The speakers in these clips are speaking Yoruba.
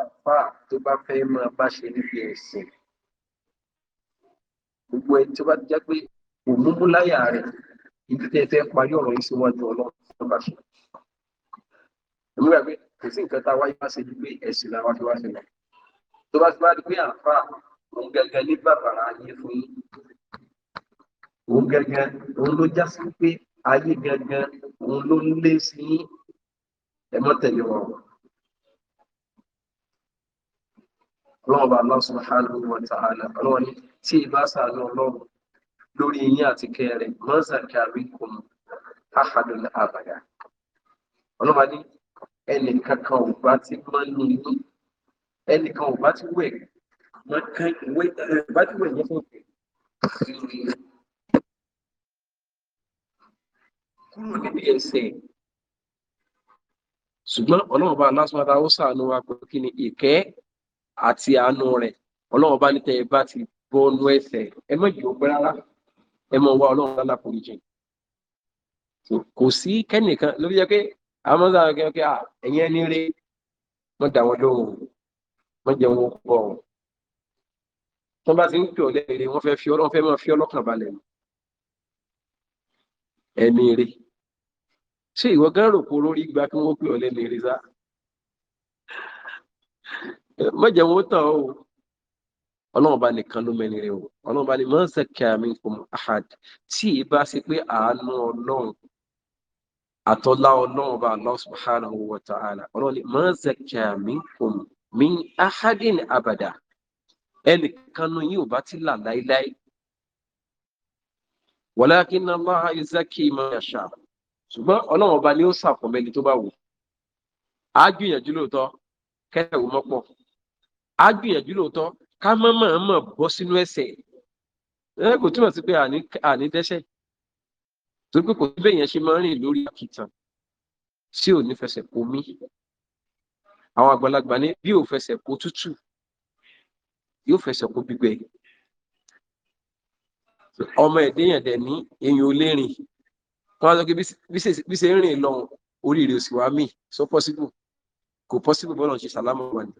àfáà tó bá fẹ́ máa bá ṣe níbi ẹ̀sìn gbogbo ẹni tó bá jẹ́ pé kò múmú láyà rẹ̀ ibi tẹ́ fẹ́ parí ọ̀rọ̀ yìí síwájú ọlọ́run bá ṣe. èmi rà pé kò sí nǹkan tá a wáyé wá ṣe ju pé ẹ̀sìn làwọn fi wá ṣe lọ. tó bá ti bá rí pé òun gẹ́gẹ́ ní bàbàrà ayé fún yín òun gẹ́gẹ́ òun ló já sí pé ayé gẹ́gẹ́ òun ló ń lé sí ẹ̀mọ́tẹ̀lé ọlọ́run bá Allah subhanahu wa ta'ala ọlọ́run ní tí ìbá sàánú ọlọ́run lórí yín àti kẹrẹ mọ́sàkì àríkùn ahadun abada ọlọ́run bá ní ẹnì kankan ò bá ti mọ́ ní ní ẹnì kan ò bá ti wẹ̀ mọ́ kán ìwé bá ti wẹ̀ yẹn fún mi kúrò níbi ẹsẹ̀ ṣùgbọ́n ọlọ́run bá Allah subhanahu ó sàánú wa pé kí ni ìkẹ́ àti àánú rẹ̀ ọlọ́run bá ní tẹ́ ẹ bá ti bọ́ nú ẹ̀ṣẹ̀ ẹ mọ̀ yìí ó pẹ́ rárá ẹ mọ̀ wá ọlọ́run lálá kò jìn kò sí kẹ́nìkan ló fi jẹ́ pé àwọn ọmọ sáà kẹ́kẹ́ à ẹ̀yìn ẹni rí wọ́n dà wọ́n lóhùn wọ́n jẹun ó pọ̀ tí wọ́n bá ti ń pè ọ́ lẹ́rìí wọ́n fẹ́ fi ọlọ́run fẹ́ máa fi ọlọ́kàn balẹ̀ ẹni rí ṣé ìwọ gán rò pé olórí gba kí wọ́n pè ọ́ lẹ́ni rí mọ́jẹ̀ wọn tàn ó ọlọ́run bá nìkan ló ahad tí ì bá ṣe pé àánú ọlọ́run àtọ́lá ọlọ́run bá Allah subhanahu wa ta'ala ọlọ́run ní mọ́ sẹ́kẹ̀ àmì fún mi ahadin abada ẹnìkan nu yìí ò bá ti là láéláé ọba ni ó tó bá wù á gbìyànjú mọ́pọ̀ á gbìyànjú lóòótọ́ ká mọ́ mọ́ mọ́ bọ́ sínú ẹ̀ṣẹ̀ ẹ kò túmọ̀ sí pé àní dẹ́ṣẹ̀ torí pé kò sí bẹ́ẹ̀ yẹn ṣe máa ń rìn lórí àkìtàn tí ò ní fẹsẹ̀ kó mí àwọn àgbàlagbà ní bí ò fẹsẹ̀ kó tútù yóò fẹsẹ̀ kó gbígbẹ ọmọ ẹ̀dẹ́yàn dẹ̀ ní èèyàn olérin wọn á sọ pé bí ṣe ń rìn lọ oríire òsì wá mí sọ pọ́sibù kò pọ́sibù bọ́lá ń ṣe sàlámù wà ní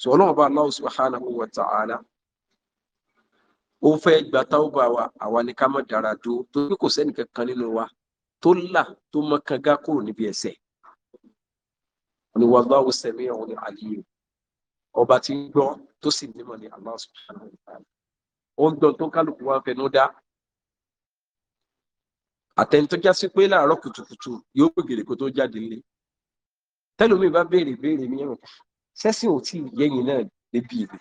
sọ ọlọ́run bá Allah subhanahu wa ta'ala ó fẹ́ gba táwọ́bà wa àwa ni ká má dára dúró torí kò sẹ́nì kankan nínú wa tó là tó mọ kanga kúrò níbi ẹ̀ṣẹ̀ ni wallahu sami'un alim ọba tí ń gbọ́ tó sì nímọ̀ ní Allah subhanahu wa ta'ala ó ń gbọ́n tó kálukú wa fẹnu dá àtẹnitọ́ já sí pé láàárọ̀ kùtùkùtù yóò gbègèrè kó tó jáde nílé tẹ́lómi bá béèrè béèrè ní ẹ̀rọ sẹ́sìn ò tí ì yẹ́yìn náà débi ìlú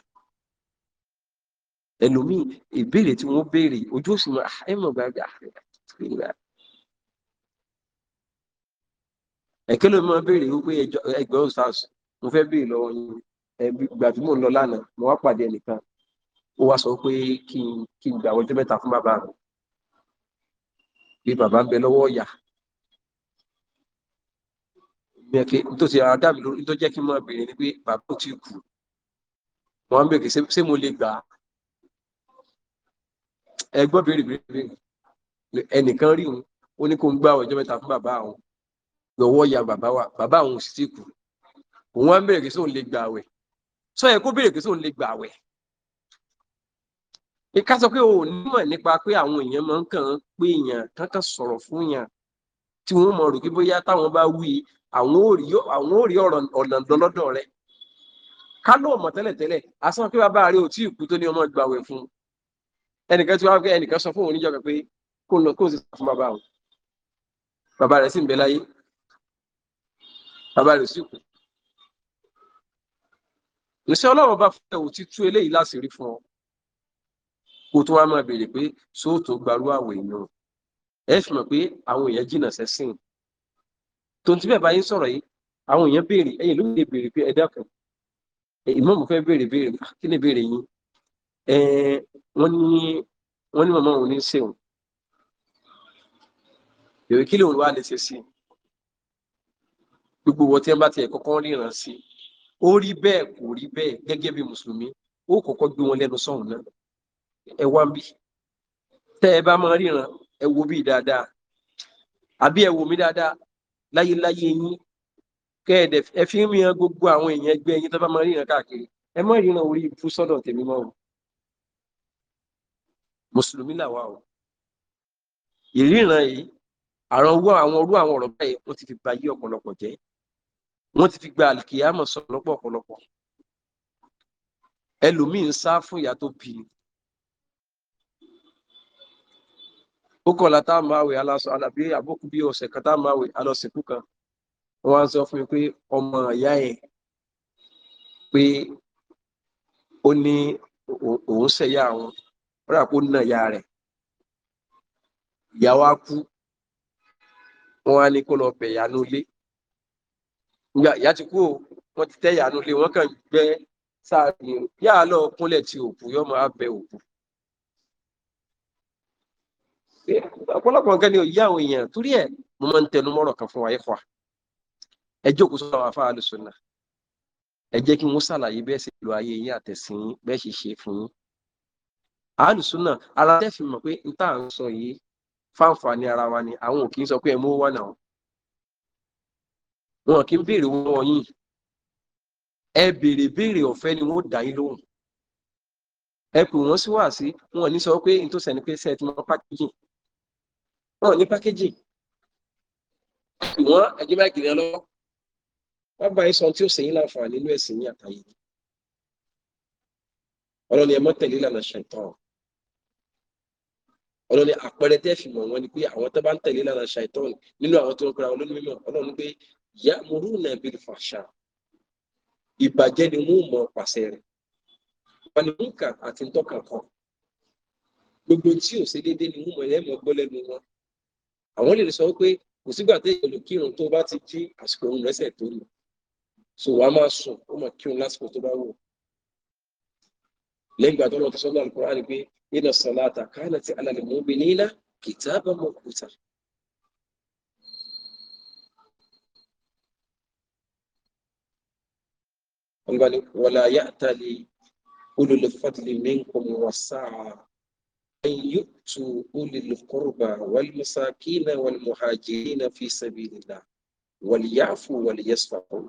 ẹlòmíì ìbéèrè tí wọ́n béèrè ojú òṣùwọ̀n ah, ẹ mọ̀ gbàgbà ẹ̀kẹ́ ló máa béèrè wípé ẹgbẹ́ ọ̀sán mo fẹ́ béèrè lọ́wọ́ yín ìgbà tí mò ń lọ lánàá mo wá pàdé ẹnìkan ó wá sọ pé kí n gbà ọjọ́ mẹ́ta fún bàbá mi bí bàbá ń bẹ lọ́wọ́ ọ̀yà mẹ́kẹ́ tó ti ara dábì lórí tó jẹ́ kí n máa bèèrè ni pé bàbá ti kù mo ń bèèrè ṣé mo lè gbà á ẹgbọ́n bèèrè bèèrè ẹnìkan rí òun ó ní kó ń gbà ọjọ́ mẹ́ta fún bàbá òun lọ́wọ́ ya bàbá wa bàbá òun sì ti kù òun wá ń bèèrè ṣé òun lè gbà àwẹ̀ sọ yẹ kó bèèrè ṣé òun lè gbà àwẹ̀ ìka sọ pé òun nímọ̀ nípa pé àwọn èèyàn máa ń kàn án pé èèyàn kankan sọ̀rọ̀ fún yàn tí wọ́n mọ̀ rò pé bóyá táwọn bá wí àwọn ò rí ọ̀nà lọ́dọ̀ rẹ̀ ká ló mọ̀ tẹ́lẹ̀tẹ́lẹ̀ asán pé bàbá rẹ̀ ò tí ì kú tó ní ọmọ gbàwẹ̀ fún ẹnìkan tí wọ́n fẹ́ ẹnìkan sọ fún òun níjọba pé kó lọ kó sì sọ fún bàbá òun bàbá rẹ̀ sì ń bẹ láyé bàbá rẹ̀ sì kú ìṣe ọlọ́run bá fẹ́ ò ti tú eléyìí láṣìírí fún ọ kó tó wá máa béèrè pé sóòtò gbarú àwẹ̀ ìyàn ẹ fi mọ̀ pé àwọn èèyàn jìnnà sẹ́sìn tó ń ti bẹ́ẹ̀ bá yín sọ̀rọ̀ yìí àwọn èèyàn béèrè ẹ̀yìn ló lè béèrè pé ẹ dákun ìmọ̀mù fẹ́ béèrè béèrè ah, kí ni béèrè yín wọ́n ní wọ́n ní màmá òun ní sèwọ̀n èrè kí lóun wá lè ṣe sí gbogbo wọ́n tí wọ́n bá tiẹ̀ kọ́kọ́ ríran sí ó rí bẹ́ẹ̀ kò rí bẹ́ẹ̀ gẹ́gẹ́ bí mùsùlùmí ó kọ́kọ́ gbé wọn lẹ́nu sọ́hùn náà ẹ wá ń bí tẹ́ ẹ bá máa ríran ẹ wo bí dáadáa àbí ẹ wò mí dáadáa láyéláyé yín kẹ́ẹ̀dẹ̀ ẹ fi ń ríran gbogbo àwọn èèyàn ẹgbẹ́ yín tó bá máa ríran káàkiri ẹ má ríran orí ibú sọ́dọ̀ tèmi mọ́ o mùsùlùmí làwa o ìríran yìí àwọn owó àwọn orú àwọn ọ̀rọ̀ báyìí wọ́n ti fi ba yí ọ̀pọ̀lọpọ̀ jẹ́ wọ́n ti fi gba àlìkìyàmọ̀ sọ̀rọ̀ lọ́pọ̀ ọ̀pọ̀lọpọ̀ ẹlòmíín sá fún ìyá tó bí ó kọ̀ látà máa wẹ̀ aláṣọ àlàbí àbókù bí ọ̀sẹ̀ kan tá máa wẹ̀ alọ́sìnkú pé ọmọ ìyá ẹ̀ pé wa o wọ́n ti tẹ́ ìyá kàn gbẹ́ sáà ní yàrá lọ kúnlẹ̀ òkú. ọ̀pọ̀lọpọ̀ nǹkan ni ò yí àwọn èèyàn torí ẹ̀ mo máa ń tẹnu mọ́rọ̀ kan fún wa ẹ̀kọ́ ẹ jókòó sọ́dọ̀ àwọn afáà lóṣù náà ẹ jẹ́ kí wọ́n ṣàlàyé bẹ́ẹ̀ ṣe lo ayé yín àtẹ̀sìn yín bẹ́ẹ̀ ṣe ṣe fún yín àálùsùn náà ara tẹ́ fi mọ̀ pé n tá à ń sọ yìí fáǹfààní ara wa ni àwọn ò kì í sọ pé ẹ mú wà náà wọn kì í béèrè wọn yìí ẹ béèrè béèrè ọ̀fẹ́ ni wọ́n dá yín lóhùn ẹ pè wọ́n sí wàásí wọn ní sọ pé n tó sẹ́ni pé sẹ́ẹ̀ ti mọ pákéjì wọn ní pákéjì wọn ẹgbẹ́ máa kiri ọlọ́wọ́ wọn bá yín sọ tí ó ṣe yín láǹfààní nínú ẹ̀sìn ní àtàyè ọlọ́ni ẹ̀mọ́ tẹ̀lé ìlànà ṣẹ̀tàn ọlọ́ni àpẹẹrẹ tẹ́ fi mọ̀ wọn ni pé àwọn tó bá ń tẹ̀lé ìlànà ṣẹ̀tàn nínú àwọn tó ń pera ọlọ́ni mímọ́ ọlọ́ni pé ìyá morú náà bí fàṣà ìbàjẹ́ ni wọ́n mọ̀ pàṣẹ rẹ̀ wọn ni múkà àti ntọ́kà kan gbogbo tí ò ṣe déédéé ni wọ́n mọ̀ ẹ̀ mọ̀ gbọ́ lẹ́nu wọn àwọn lè sọ pé kò sígbà tí èèyàn lè kírun tó bá ti jí àsìkò òun lẹ́sẹ̀ tó lù so wàá máa sùn ó máa kírun lásìkò tó bá wù lẹ́yìn ìgbà tó lọ sọ́nà al ni pé inna salata kanat ala al-mu'minina kitaban mawquta. wala ya'tali ulul fadli minkum was-sa'a أن يؤتوا أولي القربى والمساكين والمهاجرين في سبيل الله وليعفوا وليصفحوا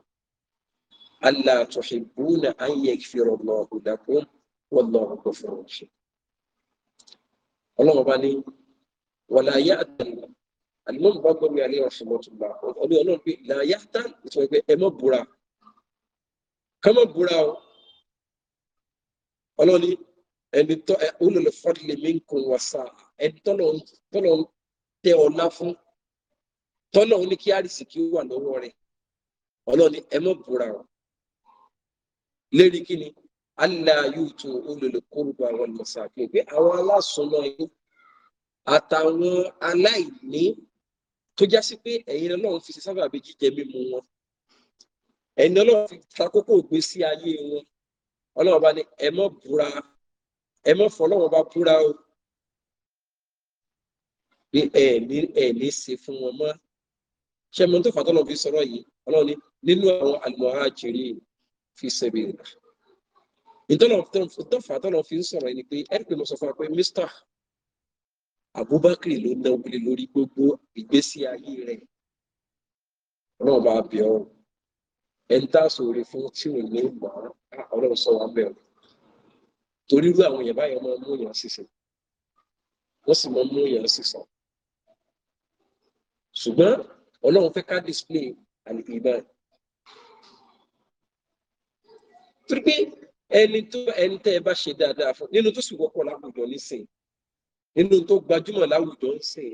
ألا تحبون أن يغفر الله لكم والله غفور رحيم ọlọ́run bá ní wàlá yáàtàn alimọ́mù bá gbọ́ mi alẹ́ ọ̀ṣunmọ́tòlá ọdún ọlọ́run pé là yáàtàn ìtumọ̀ pé ẹ mọ́ búra ká mọ́ búra o ọlọ́run ẹni tọ́ olùlọ fọ́dílẹ̀ mi ń kun wọ́n sá ẹni tọ́lọ̀ ń tẹ ọlá fún tọ́lọ̀ ń ní kí àrísì kí ó wà lọ́wọ́ rẹ̀ ọlọ́ni ẹ mọ̀ búra o lérí kí ni allah yóò tún olùlọ kórùbà wọn lọ sàkíyè pé àwọn aláṣọmọ yín àtàwọn aláìní tó já sí pé ẹ̀yin ọlọ́run fi ṣe sábàbí jíjẹ mímu wọn ẹ̀yin ọlọ́run fi ta kókó ògbésí ayé wọn ọlọ́run bá ní ẹ mọ̀ búra ẹ mọ́ fọlọ́wọ́n bá búra o pé ẹ ní ẹ ní ṣe fún wọn mọ́ ṣe mọ́ tó fà tọ́lọ́ fi sọ̀rọ̀ yìí ọlọ́run ni nínú àwọn al-muhajirin fi sabilillah tó fà tọ́lọ́ fi ń sọ̀rọ̀ yìí ni pé ẹ pè mọ́ sọ fún wa pé mr Abubakar ló náwó lé lórí gbogbo ìgbésí ayé rẹ̀ ọlọ́run bá bẹ̀ ọ́ ẹ̀ ń dá sóore fún tí ò ní mọ̀ ọ́ sọ wa bẹ́ẹ̀ o torí irú àwọn èèyàn báyọ̀ máa mú èèyàn sísìn wọ́n sì máa mú èèyàn sísìn ṣùgbọ́n ọlọ́run fẹ́ ká display àlè ìbá torí pé ẹni tó ẹni tẹ́ ẹ bá ṣe dáadáa fún nínú tó sì wọ́pọ̀ láwùjọ nísìn nínú tó gbajúmọ̀ láwùjọ nísìn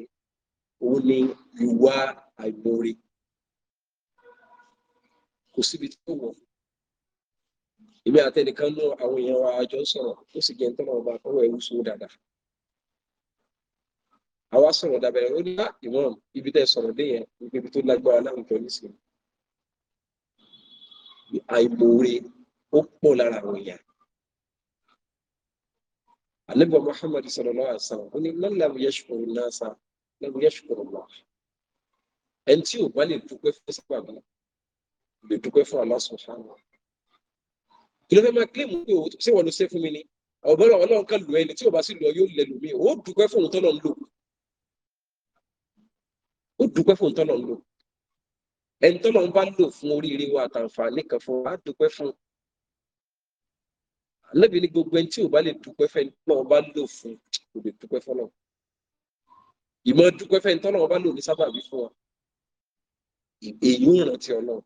òun ni ìwà àìmoore kò síbi tó wọ̀ fún ibi àtẹnìkan mú àwọn èèyàn wa àjọ sọ̀rọ̀ ó sì jẹ́ ń tọ́nà ọba kọ́wọ́ ẹ̀wù sówó dáadáa àwa sọ̀rọ̀ dàbẹ̀rẹ̀ ó ní ìwọ̀n ibi tẹ́ sọ̀rọ̀ dé yẹn ibi tó lágbára láwùjọ nísìnyí àìmòore ó pọ̀ lára àwọn èèyàn àlẹ́bọ̀ Muhammad sallallahu alaihi wasallam ó ní lọ́nà àwọn yẹ́ṣùkùrù náà sá lọ́nà yẹ́ṣùkùrù wà ẹni tí ò bá lè dúpẹ́ fún sábàbí lè dúpẹ́ fún Allah subhanahu kí ló fẹ́ máa kílèmù pé òun ṣé wọ́n ló ṣe fún mi ni ọ̀bọ̀lọ̀ ọlọ́run kan lò ẹni tí ò bá sì lọ yóò lẹ̀ lómi ó dúpẹ́ fóun tọ́lọ̀ ń lò ó dúpẹ́ fóun tọ́lọ̀ ń lò ẹni tọ́lọ̀ ń bá lò fún oríire wa àtàǹfààní kan fún wa á dúpẹ́ fún lẹ́bi ni gbogbo ẹni tí ò bá lè dúpẹ́ fẹ́ ní tọ́lọ̀ bá lò fún kò lè dúpẹ́ fọ́lọ̀ ìmọ̀ dúpẹ́ fẹ́ ní tọ́lọ̀ bá lò ní sábàbí fún wa èyí ń rántí ọlọ́run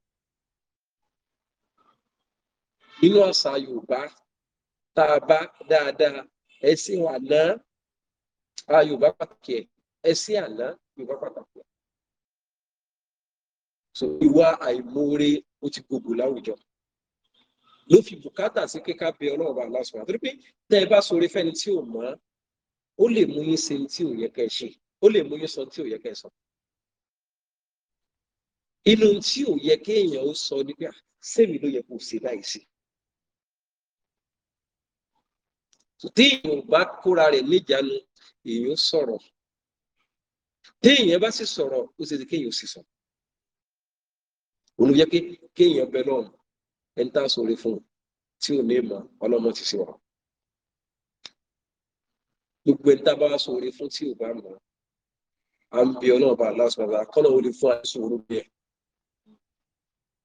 nínú àṣà yorùbá tá a bá dáadáa ẹ̀sìn àná yorùbá pàtàkì ẹ̀ ẹ̀sìn àná yorùbá pàtàkì ẹ̀. so ìwà àìmoore ó ti gbogbo láwùjọ ló fi bùkátà sí kíkà bí ọlọ́run bá aláṣọ àti pé tẹ́ ẹ bá sọ̀rọ̀ fẹ́ni tí ò mọ̀ ó lè mú yín ṣe tí ò yẹ kẹ́ ẹ ṣe ó lè mú yín sọ tí ò yẹ kẹ́ ẹ sọ inú tí ò yẹ kéèyàn ó sọ nígbà sẹ́mi ló yẹ kó ṣe láìsí tí èèyàn bá kóra rẹ̀ níjàánu èèyàn sọ̀rọ̀ tí èèyàn bá sì sọ̀rọ̀ ó ṣe ti kéèyàn sì sọ olùyẹ pé kéèyàn bẹ náà ẹni tá a sọ̀rọ̀ fún un tí ò ní mọ ọlọ́mọ ti sí wa gbogbo ẹni tá a bá wá sọ̀rọ̀ fún tí ò bá mọ à ń bi ọlọ́run bá aláṣọ bá kọ́nà ó lè fún àìsàn orúkọ yẹn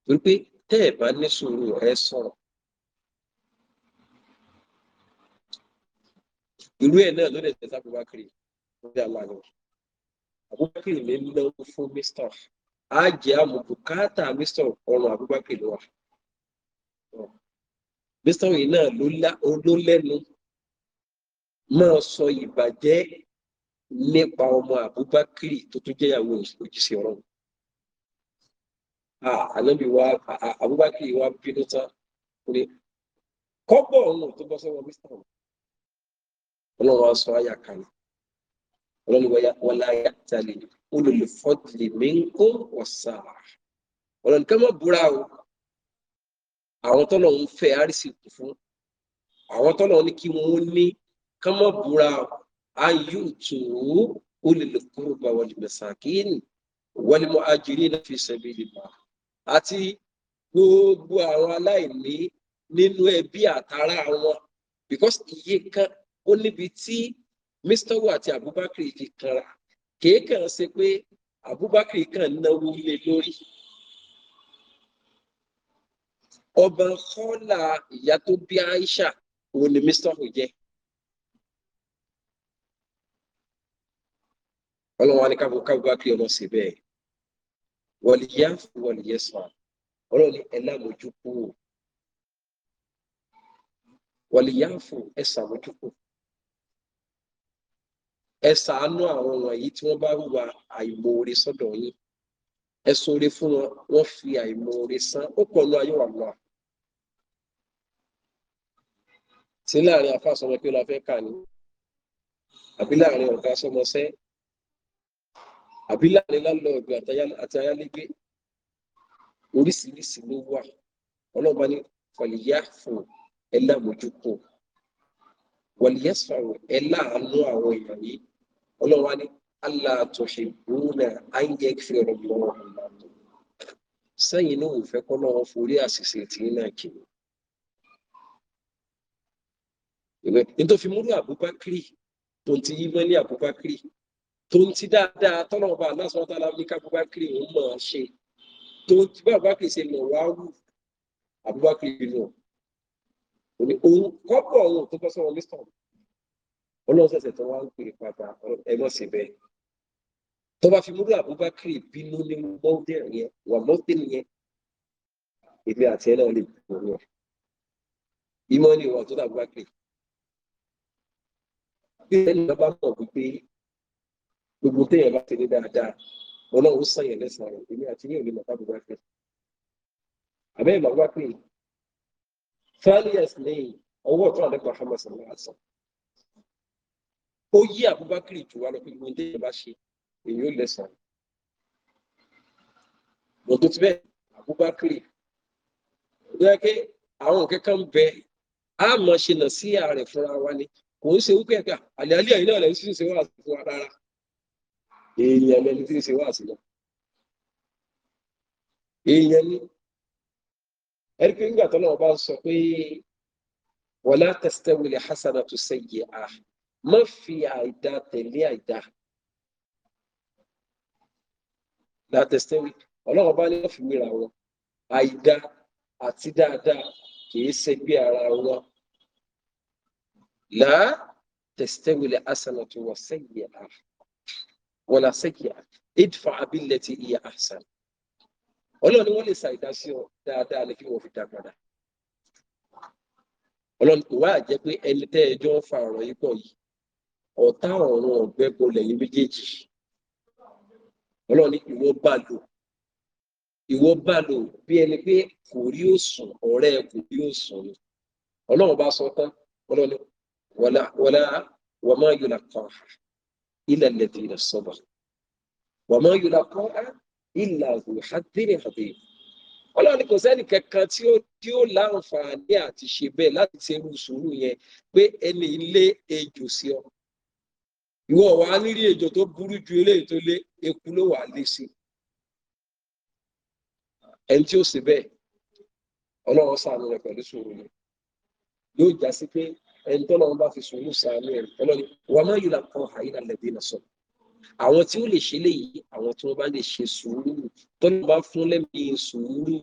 torí pé tẹ́ ẹ̀ bá ní sùúrù ẹ sọ̀rọ̀ irú ẹ̀ náà ló dẹ̀ tẹ̀sán Abubakar lórí aláàánú Abubakar lè náwó fún mr á jẹ́ àmọ̀kù káàtà mr ọ̀run Abubakar ló wà mr yìí náà ló lẹ́nu máa sọ ìbàjẹ́ nípa ọmọ Abubakar tó tún jẹ́yàwó òjíṣẹ́ ọ̀run ànábì wa Abubakar wa bínú tán pé ọ̀run tó bọ́ sọ́wọ́ mr ọlọ́run sọ ayà kan ọlọ́run wọlé ayà tàlẹ̀ olùlùfọ́dìlì mẹ́ńkó wọ̀sà ọlọ́run ká má búra o àwọn tọ́lọ̀ ń fẹ́ àrísìkù fún àwọn tọ́lọ̀ ní kí wọ́n ní ká má búra ayú tù ú olùlùkúrúbà wal masakin wal muajirina fi sabilillah àti gbogbo àwọn aláìní nínú ẹbí àtàrà wọn because iye kan ó níbi tí mistawo àti abubakar fi kanra kéèkàn ṣe pé abubakar kan náwó lé lórí ọba kọ́là ìyá tó bí aisha òun ni mistawo jẹ́ ọlọ́run wa ní kábùbákiri ọmọ sí bẹ́ẹ̀ wọ̀lìyá wọ̀lìyẹ sàn ọlọ́run ní ẹ̀ lámójú kúrò wọ̀lìyá fún ẹ̀ sàmójú kúrò ẹ ṣàánú àwọn wọ̀nyí tí wọ́n bá hùwà àìmoore sọ́dọ̀ yín ẹ ṣoore fún wọn wọ́n fi àìmoore san ó pọ̀ lọ ayé wà lọ́wọ́ sí láàrin afásọmọ pé la fẹ́ kà ní àbí láàrin ọ̀gá sọmọṣẹ́ àbí láàrin lálọ́ọ̀dù àti ayálégbé oríṣiríṣi ló wà ọlọ́ba ní kọ̀lìyà fún ẹlẹ́mójúkò wọ̀lìyẹ́sọ̀rọ̀ إلا láàánú àwọn èèyàn yìí ọlọ́run wa ní aláàtọ̀ṣẹ̀gbọ́nà áńjẹ́ fẹ́rẹ̀ lọ́wọ́ ìlànà sẹ́yìn náà ò fẹ́ kọ́ lọ́wọ́ forí àṣìṣe tí ń náà kiri. ìwé nítorí múrú àbúbákírì tó ń ti yímọ́lé àbúbákírì tó ń dáadáa tọ́lọ́ ọba aláṣọ tálá ní kábúbákírì ń mọ̀ ṣe tó ń ti bá àbúbákírì ṣe mọ̀ wá wù náà òní òun kọ́pọ̀ òun tó bọ́ sọ́wọ́ lẹ́sítọ̀n ọlọ́run ṣẹ̀ṣẹ̀ tó wá ń pè pàpà ẹ mọ̀ sí bẹ́ẹ̀ tó bá fi múlò Abubakar bínú ní mọ́tẹ́ yẹn wà mọ́tẹ́ yẹn èmi àti ẹ náà lè bọ̀ ní ọ ìmọ̀ ni ìwà tó dà Abubakar bí ẹni náà bá mọ̀ wípé gbogbo téèyàn bá ti ní dáadáa ọlọ́run sàn yẹn lẹ́sàn-án èmi àti yẹn ò ní mọ̀ Abubakar àbẹ́ ìmọ̀ Abubakar yìí. Thirty ọwọ́ ọ̀tún àdẹ́gbà Muhammad sallallahu alaihi wasallam. Ó yí Abubakar jù wá lọ pé gbogbo ìdíje bá ṣe èyí ó lẹ́sàn-án. Lọ́dún tí bẹ́ẹ̀ Abubakar ló yẹ pé àwọn kankan bẹ á mọ̀ ṣe nà sí ààrẹ fúnra wa ni kò ń ṣe wípé ẹ̀ka àlẹ́alẹ́ àyínà rẹ̀ sì ń ṣe wá sí wa rárá. Èèyàn lẹni tí ń ṣe wá sí lọ. Èèyàn ni ẹ̀rí pé nígbà tó lọ́wọ́ bá sọ pé wala tastawi al-hasanatu sayyi'ah má fi àìdá tẹ̀lé àìdá la tastawi ọlọ́wọ́ bá lè fi wéra wọn àìdá àti dáadáa kìí ṣẹgbẹ́ ara wọn la tastawi al-hasanatu wa sayyi'ah wala sayyi'ah idfa' billati hiya ahsan ọlọ́run ni wọ́n lè sa ìdásí ọ dáadáa lè fi wọ́n fi dá padà ọlọ́run kò wá jẹ́ pé ẹni tẹ́ ẹjọ́ ń fa ọ̀rọ̀ yìí pọ̀ yìí ọ̀tá ọ̀run ọ̀gbẹ́ bolẹ̀ yìí méjèèjì ọlọ́run ni ìwọ bá lò ìwọ bá lò bí ẹni pé kò rí òsùn ọ̀rẹ́ kò rí òsùn ni ọlọ́run bá sọ tán ọlọ́run ni wàlá wàlá wàmọ́ yóò là ilẹ̀ lẹ́tì ilẹ̀ sọ́bà wàmọ́ yóò là kọ́ ìlàhù hadiri hadiri ọlọ́run kò sẹ́ni kankan tí ó tí ó láǹfààní àti ṣe bẹ́ẹ̀ láti ṣe irú sùúrù yẹn pé ẹni lé ejò sí ọ ìwọ wàá nírí ejò tó burú ju eléyìí tó lé eku ló wàá lé sí ẹni tí ó sì bẹ́ẹ̀ ọlọ́run ṣàánú rẹ̀ pẹ̀lú sùúrù rẹ̀ yóò já sí pé ẹni tó bá fi sùúrù ṣàánú rẹ̀ ọlọ́run wàá má yìí là àyínà lẹ́bí náà sọ̀rọ̀ àwọn tí ó lè ṣe léyìí àwọn tí wọ́n bá lè ṣe sùúrù tọ́nà bá fún lẹ́mí sùúrù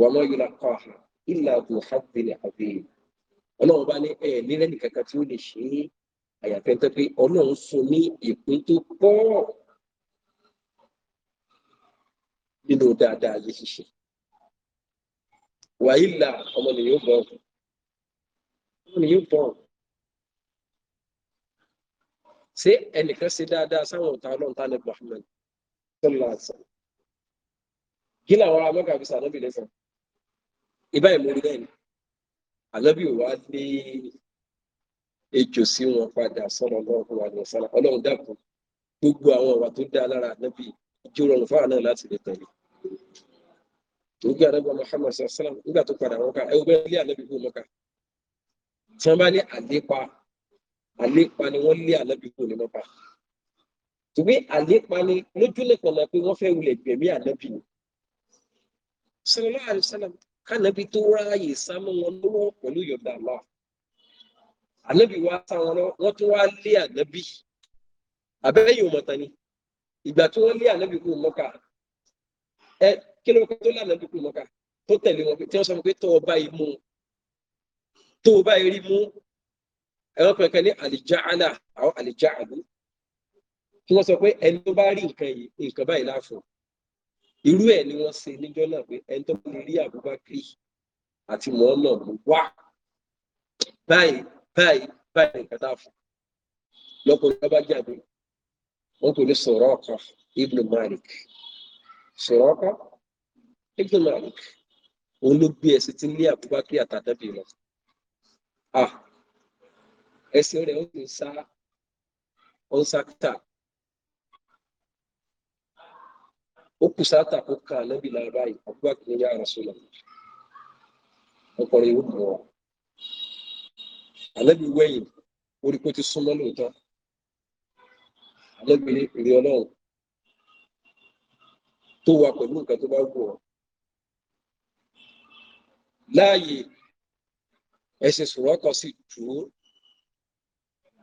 wà mọ́ yóò lápá ọ̀hà ìlà àbò hábìlì àbí ọlọ́run bá ní ẹ̀ nílẹ̀ nìkankan tí ó lè ṣe é àyàfẹ́ tó pé ọlọ́run fún ní ìpín tó pọ̀ nínú dáadáa yìí ṣiṣẹ́ wàhálà ọmọ nìyó bọ̀ ọmọ nìyó bọ̀ ọ̀hún ṣé ẹnìkan ṣe dáadáa sáwọn ọ̀tá ọlọ́run tá nẹ́bí Muhammad sọ́lá àṣà kí làwọn ará mọ́kà fi sànọ́bì lẹ́fọ̀ọ́ ibà ìmúrí náà ni ànábì wà lé ejò sí wọn padà sọ́nà ọlọ́run wà ní ọ̀sán ọlọ́run dàpọ̀ gbogbo àwọn ọ̀wà tó dáa lára ànábì ìjó rọrùn fáwọn náà láti lè tẹ̀lé ògbé àdọ́gbà Muhammad sọ́sán nígbà tó padà wọn ká ẹ àlépa ni wọ́n lé ànábì ni ní mọ́ta tùbí àlépa ni lójúlẹ̀ kọ̀ọ̀nà pé wọ́n fẹ́ wulẹ̀ gbẹ̀mí ànábì ni sallallahu alaihi wasallam kánábì tó ráàyè sámọ́ wọn lọ́wọ́ pẹ̀lú yọ̀dà náà ànábì wa sá wọn lọ wọ́n tún wá lé ànábì àbẹ́yìn òmọ̀tán ni ìgbà tí wọ́n lé ànábì kúrò mọ́ka ẹ kí ló kọ́ tó lé ànábì kúrò mọ́ka tó tẹ̀lé wọn tí wọ́n sọ pé tó o bá yìí mú tó o bá yìí rí mú ẹ̀rọ pẹ̀kẹ́ ní àlìjáàlà àwọn àlìjáàlú kí wọ́n sọ pé ẹni tó bá rí nǹkan yìí nǹkan báyìí láàfọ̀ irú ẹ̀ ni wọ́n ṣe níjọ́ náà pé ẹni tó lè rí Abubakar àti Muhammad wá báyìí báyìí báyìí nǹkan láàfọ̀ lọ́kùnrin bá jáde wọ́n kò ní Suraqa ibn Malik Suraqa ibn Malik òun ló gbé ẹsẹ̀ tí ń lé Abubakar àtàdábì lọ. Ah, ẹsẹ̀ rẹ̀ ó sì sá ó ń sáktà ó kù sáktà kó ka lẹ́bi lára yìí àbúgbà kìíní yá ara sọlọ ọkọrin yóò bọ̀ àlẹ́bi wẹ̀yìn orí kó ti súnmọ́ lóòótọ́ àlẹ́bi rí ọlọ́run tó wà pẹ̀lú nǹkan tó bá wù ọ́ láàyè ẹ̀sìn sùrọ́kọ̀ sí jù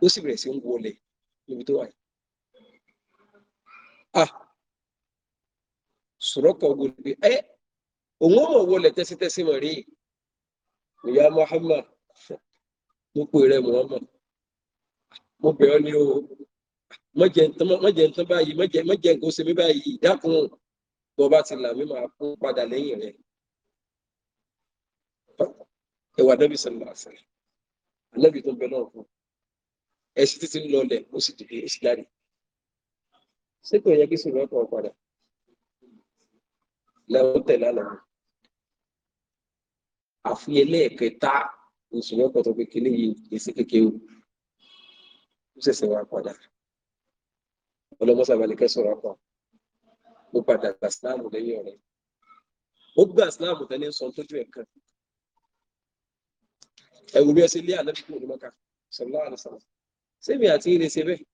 ó sì bẹ̀rẹ̀ sí ń wọlé níbi tó wà yìí. ah sùrọ́kọ̀ gbòdì ẹ òun ò mọ̀ wọlé tẹ́sítẹ́sí mọ̀ rí ìyá Muhammad mo pè rẹ Muhammad mo bẹ̀ ọ́ ní o mọ̀jẹ̀ ń tán báyìí mọ̀jẹ̀ mọ̀jẹ̀ nǹkan ṣe mí báyìí dákun bó bá ti là mí máa kó padà lẹ́yìn rẹ̀ ẹwà dábì sọ̀rọ̀ àṣẹ ànábì tó ń bẹ náà fún un ẹ̀sìn títí ń lọlẹ̀ ó sì dìde ó sì jáde ṣé kò yẹ kí sùn lọ́kọ̀ padà lẹ́wọ́n tẹ̀lé àlàyé àfihàn lẹ́ẹ̀kẹta oṣù lọ́kọ̀ tó kékeré yìí èsì kékeré o ó ṣẹ̀ṣẹ̀ wá padà ọlọ́mọ́sàbálẹ̀kẹ́ sọ̀rọ̀ kan ó padà gba síláàmù lẹ́yìn ọ̀rẹ́ ó gba síláàmù tẹ́lẹ̀ ń sọ tójú ẹ̀ kan ẹ̀wù bí ẹ ṣe lé àlẹ́ fún òní mọ́ka sọ̀rọ̀ láwọn àlẹ́ sẹ́mi àti ilé ṣe bẹ́ẹ̀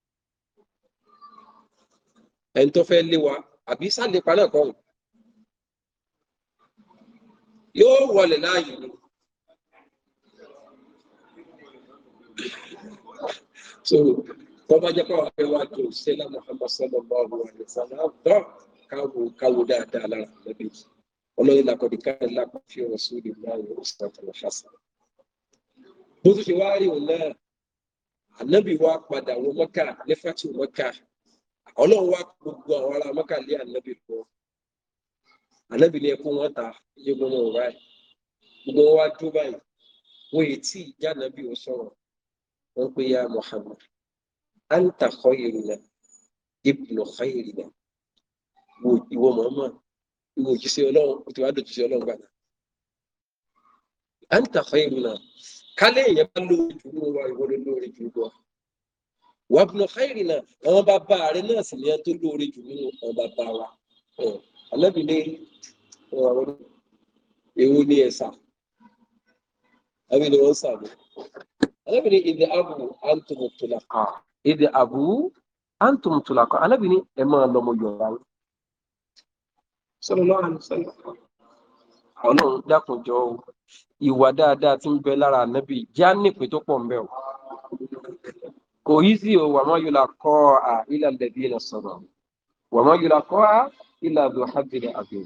ẹni tó fẹ́ lé wa àbí sálépa náà kọ́ yóò wọlé láàyè ni so tó bá jẹ́ pé àwọn afẹ́wà tó sẹ́lá Muhammad sallallahu alaihi wasallam dán káwo káwo dáadáa lára lẹ́bí ọlọ́yìn làkọ̀dé káyọ̀ lápá fi ọ̀rọ̀ sórí ìlú àwọn òṣìṣẹ́ àtàwọn fásitì bó tún ṣe wá rí òun náà ànábì wa padà wọ mọ́kà nífàtí mọ́kà ọlọ́run wa gbogbo àwọn ará mọ́kà lé ànábì lọ ànábì ní ẹkún wọn ta iye gbọmọ ọ̀rá ẹ̀ gbogbo wọn wá dúró báyìí wọ́n yìí tí ìjà ànábì wọn sọ̀rọ̀ wọ́n pe ya Muhammad anta khayrina ibnu khayrina ìwọ Muhammad ìwọ òjíṣẹ́ ọlọ́run ó ti wá ọlọ́run gbàdá anta khayrina kálẹ̀ èèyàn bá lóore jù ú wa ìwọ ló lóore jù ú wa wàá bùnà káyìrì náà àwọn bàbá rẹ náà sì ní ẹ tó lóore jù nínú àwọn bàbá wa alábìlẹ eh, ọ̀rọ̀ ewu ní ẹsà alábìlẹ wọn sàmù alábìlẹ ìdè abu antumu tulaka ìdè abu antumu tulaka alábìlẹ ẹ máa lọmọ yọrọ àwọn. sọlọ lọ́wọ́ àlùsọ̀lọ́ ọlọ́run dákunjọ o ìwà dáadáa ti ń bẹ lára ànábì já nípìn tó pọ̀ ń o kò yí sí o wàmọ yóò la kọ à ilà lẹbi ilà sọ̀rọ̀ wàmọ yóò la kọ à ilà lọ hábìlẹ àbẹ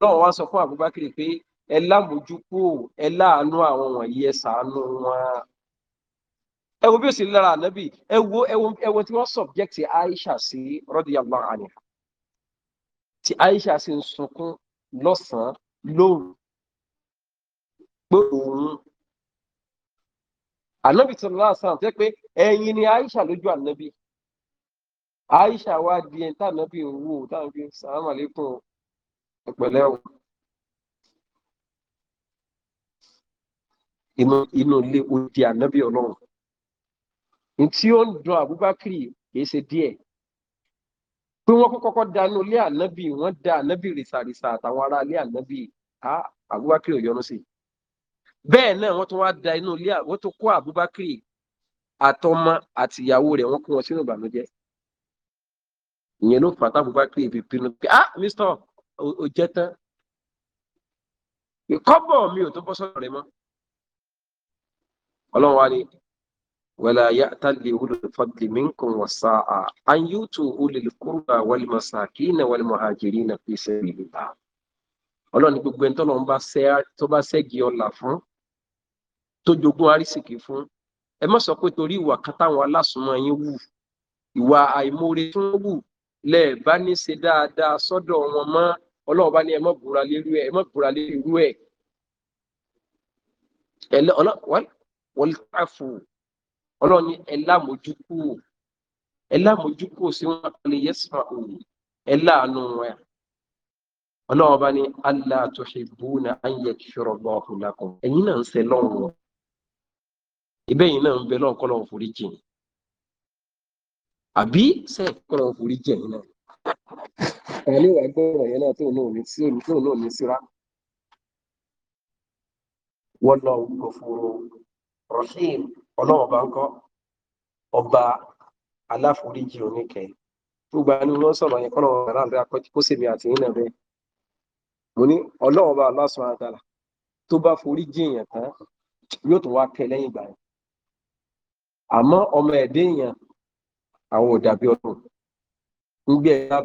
náà wá sọ fún Abubakar pé ẹ lámójúkú ẹ láàánú àwọn wọ̀nyí ẹ ṣàánú wọn ẹ wo bí o sì lára ànábì ẹ wo ẹ wo tí wọ́n subject Aisha sí radiyallahu anha tí Aisha sì ń sunkún lọ́sàn-án lóru pé òun ànábì sọ̀rọ̀ náà sàn jẹ́ pé ẹ̀yin ni Aisha lójú ànábì Aisha wá di ẹni tá ànábì ń wò tá ànábì ń sàn án màlẹ́kùn ìpẹ̀lẹ́ o. inú inú ilé odi ànábì ọlọ́run ní tí ó ń dun Abubakar kìí ṣe díẹ̀ pé wọ́n kọ́kọ́ dánú ilé ànábì wọ́n da ànábì rìsàrìsà àtàwọn ará ilé ànábì Abubakar yọ́nú sí bẹ́ẹ̀ náà wọ́n tún wá da inú ilé wọ́n tún kó Abubakar àtọmọ àtìyàwó rẹ̀ wọ́n kó wọn sínú ìbànújẹ́ ìyẹn ló fà tá Abubakar fi pinnu pé ah mr o tán ìkọ́bọ̀ mi ò tó bọ́ sọ̀rọ̀ rẹ mọ́ Ọlọ́run wa ni ولا يأتل لأولي الفضل منكم والساعة أن يؤتوا أولي القربى والمساكين والمهاجرين في سبيل الله ọlọ́run ní gbogbo ẹni tó lọ́n bá ṣẹ́gi ọ̀la fún tó jogún arísìkì fún ẹ má sọ pé torí ìwà kan táwọn alásùnmọ́ yín wù ìwà àìmoore tó ń wù lẹ́ẹ̀bá ní ṣe dáadáa sọ́dọ̀ wọn mọ́ ọlọ́run bá ní ẹ má búra lérú ẹ ẹ búra lérú ẹ ọlọ́run wọ́n tàfù ọlọ́run ní ẹ lámójú kúrò ẹ lámójú kúrò sí wọn lè yẹ sọ òun ẹ láàánú wọn ọlọ́run ọba ní allah tuhibbuna an yaghfirallahu lakum ẹ̀yin náà ń sẹ lọ́run wọn ibẹ̀ yìí náà ń bẹ lọ́run kọ́lọ́run forí jìn àbí sẹ́ẹ̀ kọ́lọ́run forí jìn náà ẹni wàá gbọ́ ọ̀rọ̀ yẹn náà tóun náà ní sí òní tóun náà ní síra wallahu ghafurur rahim. ọlọ́wọ̀n bá ń kọ́ ọba aláforíjì oníkẹ́ gbogbo àánú wọn sọ̀rọ̀ yẹn kọ́ lọ́wọ́ bàrà àbẹ́ akọ́jú kó sèmi àti yín náà mo ní ọlọ́wọ̀n bá Allah tó bá forí jì èèyàn tán yóò tún wá lẹ́yìn ìgbà yẹn àmọ́ ọmọ ẹ̀dẹ́ èèyàn àwọn ọdún ń gbé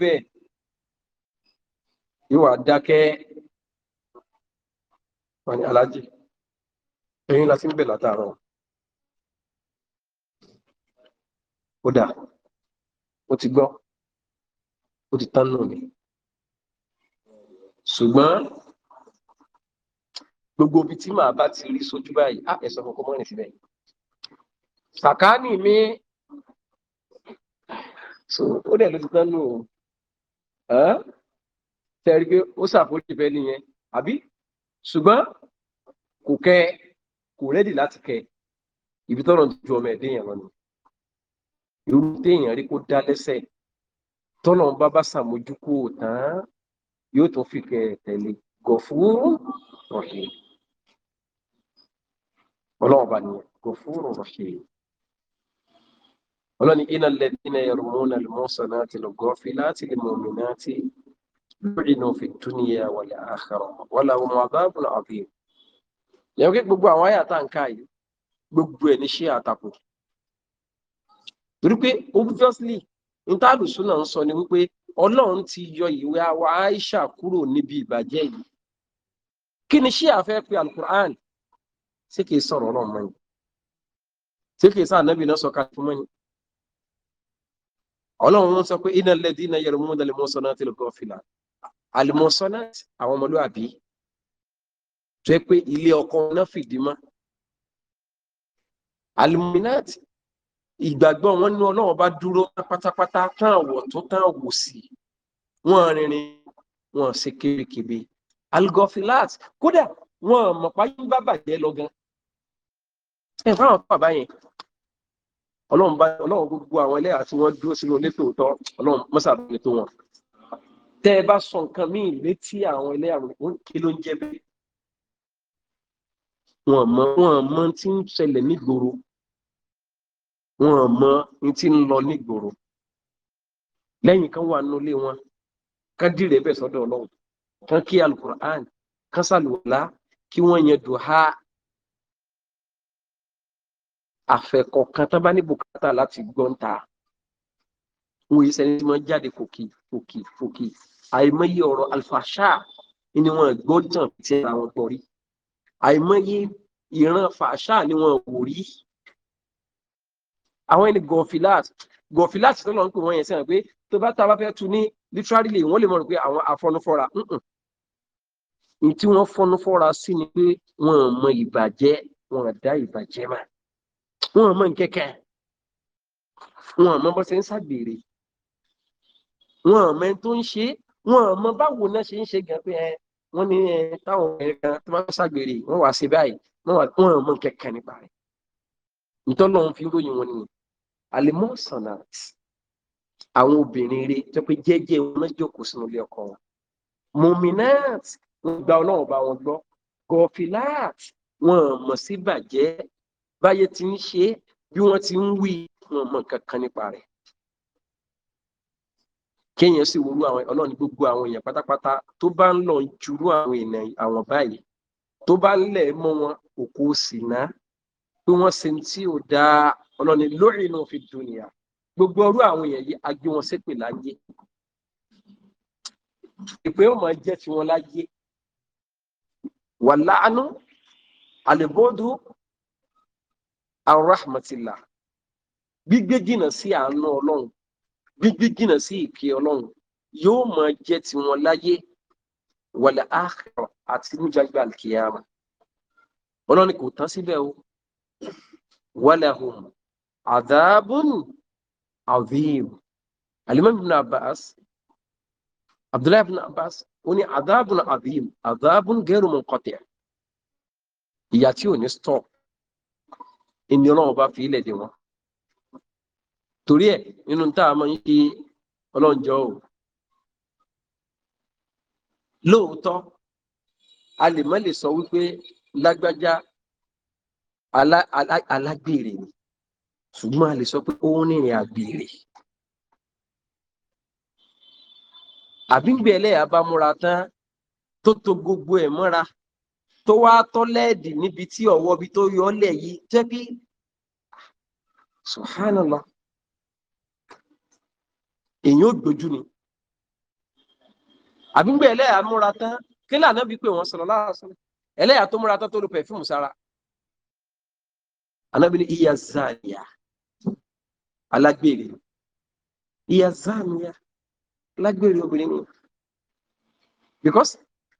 bẹ́ẹ̀ ẹ̀yin la ti ń bẹ̀ látàárọ̀ ó dà ó ti gbọ́ ó ti tán nù mí ṣùgbọ́n gbogbo ibi tí màá bá ti rí sójú báyìí á ẹ̀sọ́ kọ́kọ́ mọ́rin síbẹ̀ sàkáánì mi so ó dẹ̀ ló ti tán nù ó tẹ̀rí pé ó ṣàforíjì bẹ́ẹ̀ nìyẹn àbí ṣùgbọ́n kò kẹ́ ẹ kò rẹ́dì láti kẹ́ ibi tọ́rọ̀ ju ọmọ ẹ̀dẹ́ yẹn lọ́nà irú téèyàn rí kó dá lẹ́sẹ̀ tọ́lọ̀ ń bá bá sàmójúkú tán yóò tún fi kẹ́ tẹ̀lé gọ̀fúrú rọ̀ṣẹ̀ ọlọ́run bá nìyẹn gọ̀fúrú rọ̀ṣẹ̀ ọlọ́ni iná lẹ́dínà yẹrùmọ́nà lọ́sàn láti lọ láti lè mọ̀mí láti lórí náà fi dúnìyà wọlé àkàrọ̀ wọlé àwọn ọmọ àbábùnà àbíyàn lẹ́yìn pé gbogbo àwọn àyà tá à ń ká yìí gbogbo ẹ̀ ní ṣe àtakò torí pé obviously ntàlùsù náà ń sọ ni wípé ọlọ́run ti yọ ìwé àwa Aisha kúrò níbi ìbàjẹ́ yìí kí ni ṣé àfẹ́ pe alukur'an ṣé kìí sọ̀rọ̀ ọlọ́run mọ́ni ṣé kìí sáà nábì náà sọ ká fún mọ́ni ọlọ́run wọn sọ pé iná lẹ́dí iná yẹrù mú dalẹ̀ mọ́sánná tí lóko fìlà àlùmọ́sánná àwọn ọmọlúwàbí tó yẹ pé ilé ọkọ náà fìdí mọ́ aluminati ìgbàgbọ́ wọn ní ọlọ́run bá dúró pátápátá tán àwọ̀ tó tán wò sí wọn rìnrìn wọn ṣe kébékébé algofilat kódà wọn mọ̀ páyé bá bàjẹ́ lọ gan ẹ fáwọn bàbá yẹn ọlọ́run bá ọlọ́run gbogbo àwọn ẹlẹ́yà tí wọ́n dúró sínú ilé tòótọ́ ọlọ́run mọ́sàbí tó wọn tẹ́ ẹ bá sọ nǹkan míì létí àwọn ẹlẹ́yà kí ló ń jẹ́ bẹ́ẹ̀ wọn mọ wọn mọ tí ń ṣẹlẹ̀ nígboro wọn mọ ní tí ń lọ nígboro lẹ́yìn kan wà nulẹ wọn kan dìrẹ bẹ sọ́dọ̀ Ọlọ́run kan kí alukur'an kan sàlùwàlá kí wọn yẹn dùn ha àfẹkọ̀kan tán bá ní bùkátà láti gbọ́n ta wọn yìí sẹni tí wọn jáde fòkì fòkì fòkì àìmọye ọ̀rọ̀ alfàṣà ni wọn gbọ́ tàn tí ara wọn gbọ́ rí àìmọye ìran fàṣà ni wọn wò rí àwọn ẹni gọfilat gọfilat tó lọ ń pè wọn yẹn sẹ́yìn pé tó bá ta bá fẹ́ tu ní literally wọ́n lè mọ̀ pé àwọn afọnufọ́ra ní tí wọ́n fọnufọ́ra sí ni pé wọ́n mọ ìbàjẹ́ wọ́n dá ìbàjẹ́ mà wọ́n mọ nkẹ́kẹ́ wọ́n mọ bó ṣe ń ṣàgbèrè wọ́n mọ tó ń ṣe wọ́n mọ báwo náà ṣe ń ṣe gan pé wọ́n ní táwọn ẹ̀rẹ́ kan tó máa ń ṣàgbèrè wọ́n wá sí báyìí wọ́n mọ̀ kẹ̀kẹ́ nípa rẹ̀ ìtọ́nà òun fi ń ròyìn wọn nìyẹn àlèmọ́ sanat àwọn obìnrin rẹ̀ tó pé jẹ́jẹ́ wọn náà jókòó sínú ilé ọkọ wọn muminat wọn gba ọlọ́run bá wọn gbọ́ gọfilat wọn mọ̀ sí bàjẹ́ báyé ti ń ṣe bí wọ́n ti ń wí wọn mọ̀ kankan nípa rẹ̀ kéèyàn sì wúru àwọn ọlọ́ọ̀ni gbogbo àwọn èèyàn pátápátá tó bá ń lọ jurú àwọn èèyàn àwọn báyìí tó bá ń lẹ̀ mọ́ wọn òkú sìnà pé wọ́n ṣe ń tí ò dáa ọlọ́ọ̀ni lórí inú fi dùnìyà gbogbo ọrú àwọn èèyàn yìí a gbé wọn ṣépè láyé ìpè ó máa jẹ́ tiwọn láyé wà láàánú àlèbọ́dún àrùn rahmatillah gbígbé jìnnà sí àánú ọlọ́run gbígbí jìnnà sí ìkẹ́ ọlọ́run yóò máa jẹ́ tiwọn láyé wàlẹ̀ àkàrà àti níjàgbà kìíyàmà ọlọ́run kò tán síbẹ̀ o wàlẹ̀ hùm àdáàbùn àdìyìm alimami bin abbas abdullahi bin abbas ó ní àdáàbùn àdìyìm àdáàbùn gẹ́rù munqati' ìyà tí ò ní stop ìnira ọba fi ilẹ̀ dè wọn torí ẹ̀ nínú tá a máa ń ṣe ọlọ́njọ́ o lóòótọ́ a lè má lè sọ wípé lágbájá alágbèrè ni ṣùgbọ́n a lè sọ pé ó ń rìnrìn àgbèrè àbígbẹ̀lẹ̀ abámúra tán tó to gbogbo ẹ̀ mọ́ra tó wá tọ́lẹ́ẹ̀dì níbi tí ọ̀wọ́ bi tó yọ ọ́ lẹ̀ yìí jẹ́ bí subhanallah èyàn ò ni àbígbẹ́ ẹlẹ́yà múra tán kí lànà bí pé wọ́n sọ̀rọ̀ láàásán ẹlẹ́yà tó múra tán tó lu pẹ̀fíìmù sára anábìíní iya zaniya alágbèrè ìyá zaniya alágbèrè obìnrin ni because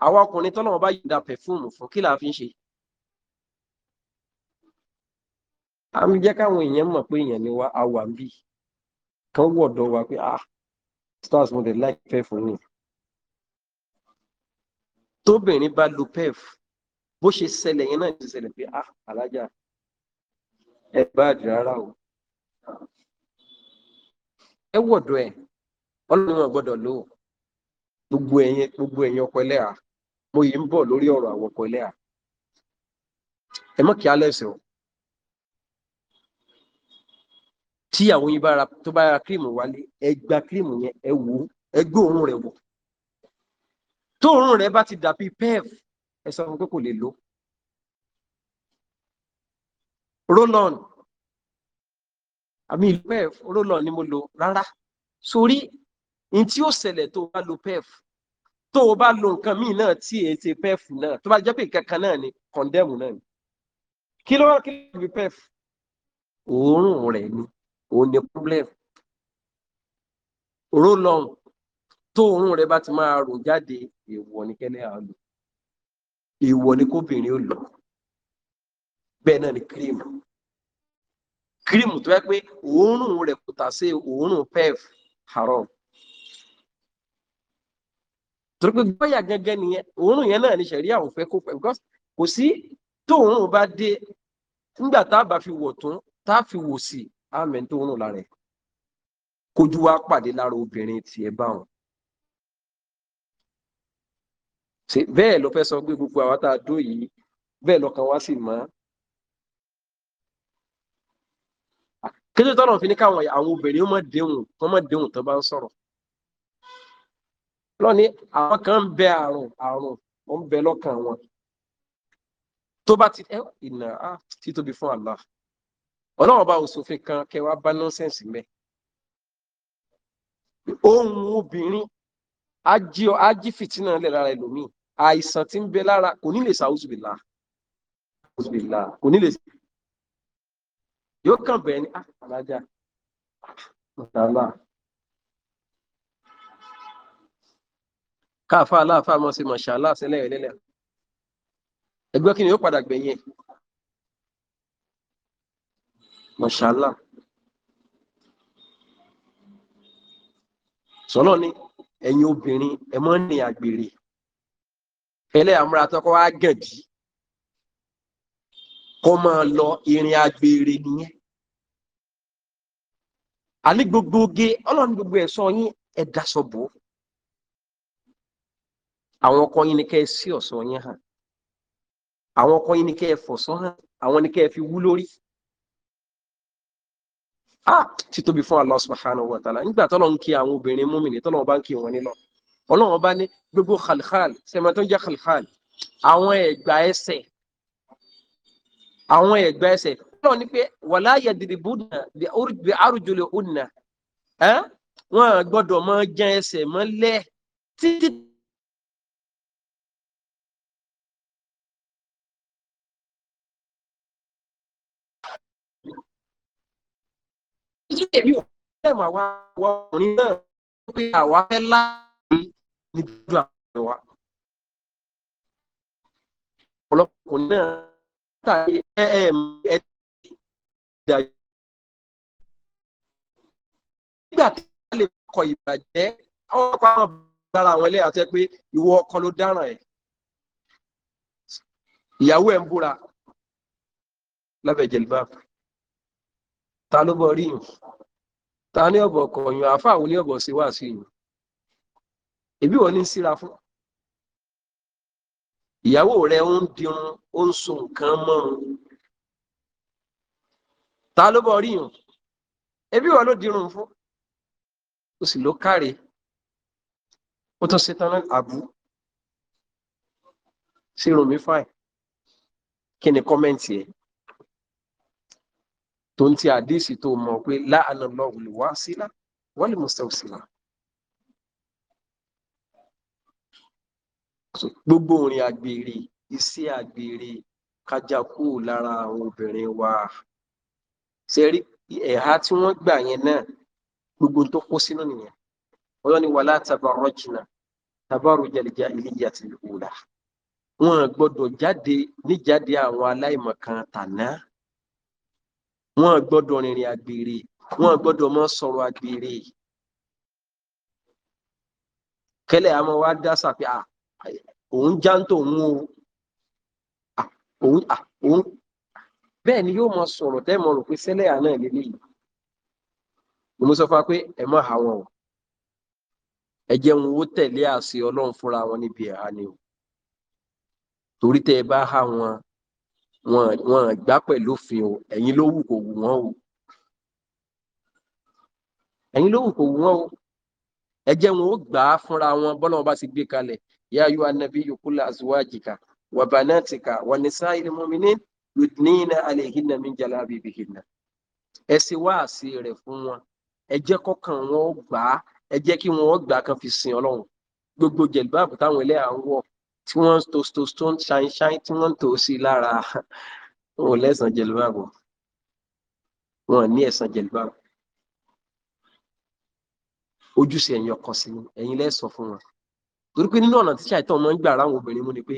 àwọn ọkùnrin tọ́lọ̀ wọn bá yìí da pẹ̀fíìmù fún kí làá fi ń ṣe à ń jẹ́ káwọn èèyàn mọ̀ pé èèyàn ni wá àwa ń bì kán wọ̀dọ̀ wa pé ah stars mo dey like pef ni tóbìnrin bá lu pef bó ṣe ṣẹlẹ̀ yẹn náà ti ṣẹlẹ̀ pé ah alájà ẹ bá àdì rárá o ẹ wọ̀dọ̀ ẹ, ọlọ́run wọn lò ó gbogbo ẹ̀yin gbogbo ọkọ ẹlẹ́à mo yìí ń bọ̀ lórí ọ̀rọ̀ àwọn ọkọ ẹlẹ́à ẹ mọ̀ kí tí àwọn yìí bára tó bá ra kírìmù wálé ẹ gba kírìmù yẹn ẹ wò ó ẹ gbé òórùn rẹ wò tó òórùn rẹ bá ti dàbí pef ẹ sọ fún pé kò lè lò rolon àmì ìlú pef rolon ni mo lò rárá sórí n tí ó ṣẹlẹ̀ tó o bá lo pef tó o bá lo nǹkan míì náà tí èyí ṣe pef náà tó bá jẹ́ pé nǹkan kan náà ni kọ̀ndẹ́mù náà ni kí ló wá kí ló fi pef òórùn rẹ ni òun ni problem roll on tó òórùn rẹ bá ti máa rò jáde èèwọ̀ ni kẹ́ni à lò èèwọ̀ ni kóbìnrin ó lò bẹ́ẹ̀ náà ni cream cream tó yẹ pé òórùn rẹ kò tà sí òórùn pef haram torí pé gbọ́yà gẹ́gẹ́ nìyẹn òórùn yẹn náà ni ṣẹ̀rí àwọn òfẹ́ kó pẹ̀ because kò sí tó òórùn bá dé nígbà tá a bá fi wọ̀ tún tá a fi wò sí àmì tó ń rùn lára ẹ̀ kójú wa pàdé lára obìnrin tiẹ̀ báwọn. bẹ́ẹ̀ ló fẹ́ sọ pé gbogbo àwa tá a dó yìí bẹ́ẹ̀ lọ́kàn wá sì mọ́. kéde tọ́nà fi ní káwọn àwọn obìnrin ó mọ̀ déhùn tó mọ̀ déhùn tó bá ń sọ̀rọ̀. lọ́ni àwọn kan ń bẹ àrùn àrùn ó ń bẹ lọ́kàn wọn. tó bá ti ẹ ìnà á ah, títóbi fún Allah ọlọ́run bá òṣòfin kan kẹwàá bá nọ́sẹ̀nsì mẹ́ ohun obìnrin ají fìtínà lẹ̀ lára ẹlòmíì àìsàn tí ń bẹ lára kò ní lè sàúsùbìlà kò ní lè sí yóò kàn bẹ̀rẹ̀ ní àlájá ah, mọ̀tàlá káàfà aláàfà mọ̀ sí mọ̀ṣálá sílẹ̀ ẹ̀lẹ́lẹ̀ ẹgbẹ́ kí ni yóò padà gbẹ̀yìn sọ sọ́nà ni ẹ̀yin obìnrin ẹ mọ́ ní àgbèrè ẹlẹ́ àmúra tọ́kọ́ wá gẹ̀dí kọ́ máa lọ irin agbèrè nìyẹn àní gbogbo oge gbogbo ẹ̀sọ́ yín ẹ daṣọ àwọn ni kẹ́ ẹ sí yín hàn ni kẹ́ ẹ hàn ni kẹ́ ẹ fi Ah, ti tóbi fún Allah subhanahu wa ta'ala nígbà tọ́lọ́ ń kí àwọn obìnrin múmìnì tọ́lọ́ bá ń kí wọn nílọ ọlọ́run bá ní gbogbo khalkhal sẹ́mi tó ń jẹ́ khalkhal àwọn ẹ̀gbà ẹsẹ̀ àwọn ẹ̀gbà ẹsẹ̀ ọlọ́run ní pé wala yadribuna bi arjulihunna wọ́n gbọ́dọ̀ máa jẹ́ ẹsẹ̀ mọ́lẹ̀ títí títí èmi ò fẹ́ mọ̀ àwa àwa ọkùnrin náà ó pé àwa fẹ́ láàrin níbi ojú àwọn wa. ọ̀pọ̀lọpọ̀ náà tàbí ẹ ẹ ẹ ìdájọ́. nígbà tí a lè kọ ìbàjẹ́ àwọn ọkọ̀ àwọn lára àwọn ẹlẹ́yà tẹ́ pé ìwọ ọkọ ló dáràn ẹ̀. ìyàwó ẹ̀ ń búra lábẹ́ jẹ̀lúbáàbù ta ló bọ rí yìn ta ní ọ̀bọ̀ kọ̀yìn àáfà wọlé ọ̀bọ̀ sí wà sí yìn èbí wọn ní síra fún ìyàwó rẹ ń dirun ó ń so nǹkan mọ́run ta ló bọ rí yìn wọn ló dirun fún ó sì ló káre ó tún ṣetán àbú sí rumi fáì kí ni kọ́mẹ́ǹtì ẹ̀ tó ń ti àdísì tó mọ̀ pé láàánà lọ́wọ́ lè wá sílá wọ́n lè mọ̀sẹ̀ òsìlá. gbogbo orin àgbèrè iṣẹ́ àgbèrè kájà kú lára àwọn obìnrin wa ṣe rí ẹ̀há tí wọ́n gbà yẹn náà gbogbo tó kó sínú nìyẹn ọlọ́ ni wàlá tabarọ́jìnà tabarọ́jẹ̀lẹ̀jà ìlíjà ti wùlà wọn gbọ́dọ̀ jáde níjáde àwọn aláìmọ̀kan tàná wọn gbọ́dọ̀ rìnrìn àgbèrè wọn gbọ́dọ̀ mọ sọ̀rọ̀ àgbèrè kẹlẹ àmọ wa dá sàpé à òun jántó òun o òun òun bẹ́ẹ̀ ni yóò mọ sọ̀rọ̀ tẹ mọ rò pé sẹlẹ àná ìlélẹ yìí ni mo sọ fún wa pé ẹ mọ àwọn o ẹ jẹ́ wọn ó tẹ̀lé àṣẹ Ọlọ́run fúnra wọn níbi ẹhà ni o torí tẹ ẹ bá há wọn wọn wọn gbá pẹ̀lú òfin o ẹ̀yin ló wù kò wù wọ́n o ẹ̀yin ló wù kò wù wọ́n o ẹ jẹ́ wọn ó gbà á fúnra wọn bọ́lá wọn bá ti gbé kalẹ̀ yá yọ anabi yòókù làzúwájìkà wà bànátìkà wà ní sáyẹn mọ́mìnì yudnina alehina min jalabibihina ẹ ṣe wáàsí rẹ̀ fún wọn ẹ jẹ́ kọ́kàn wọn ó gbà á ẹ jẹ́ kí wọn ó gbà á kan fi sin ọlọ́run gbogbo jẹ̀lbáàbù tí wọ́n tó tó tó ṣáínṣáín tí wọ́n tó sí lára wọn ò lẹ́sàn jẹ̀lúbàbò wọn ní ẹ̀sàn jẹ̀lúbàbò ojúṣe ẹ̀yin ọkàn sí ni ẹ̀yin lẹ́sàn fún wọn torí pé nínú ọ̀nà tí ṣàìtàn ọmọ ń gbà ráwọn obìnrin mú ni pé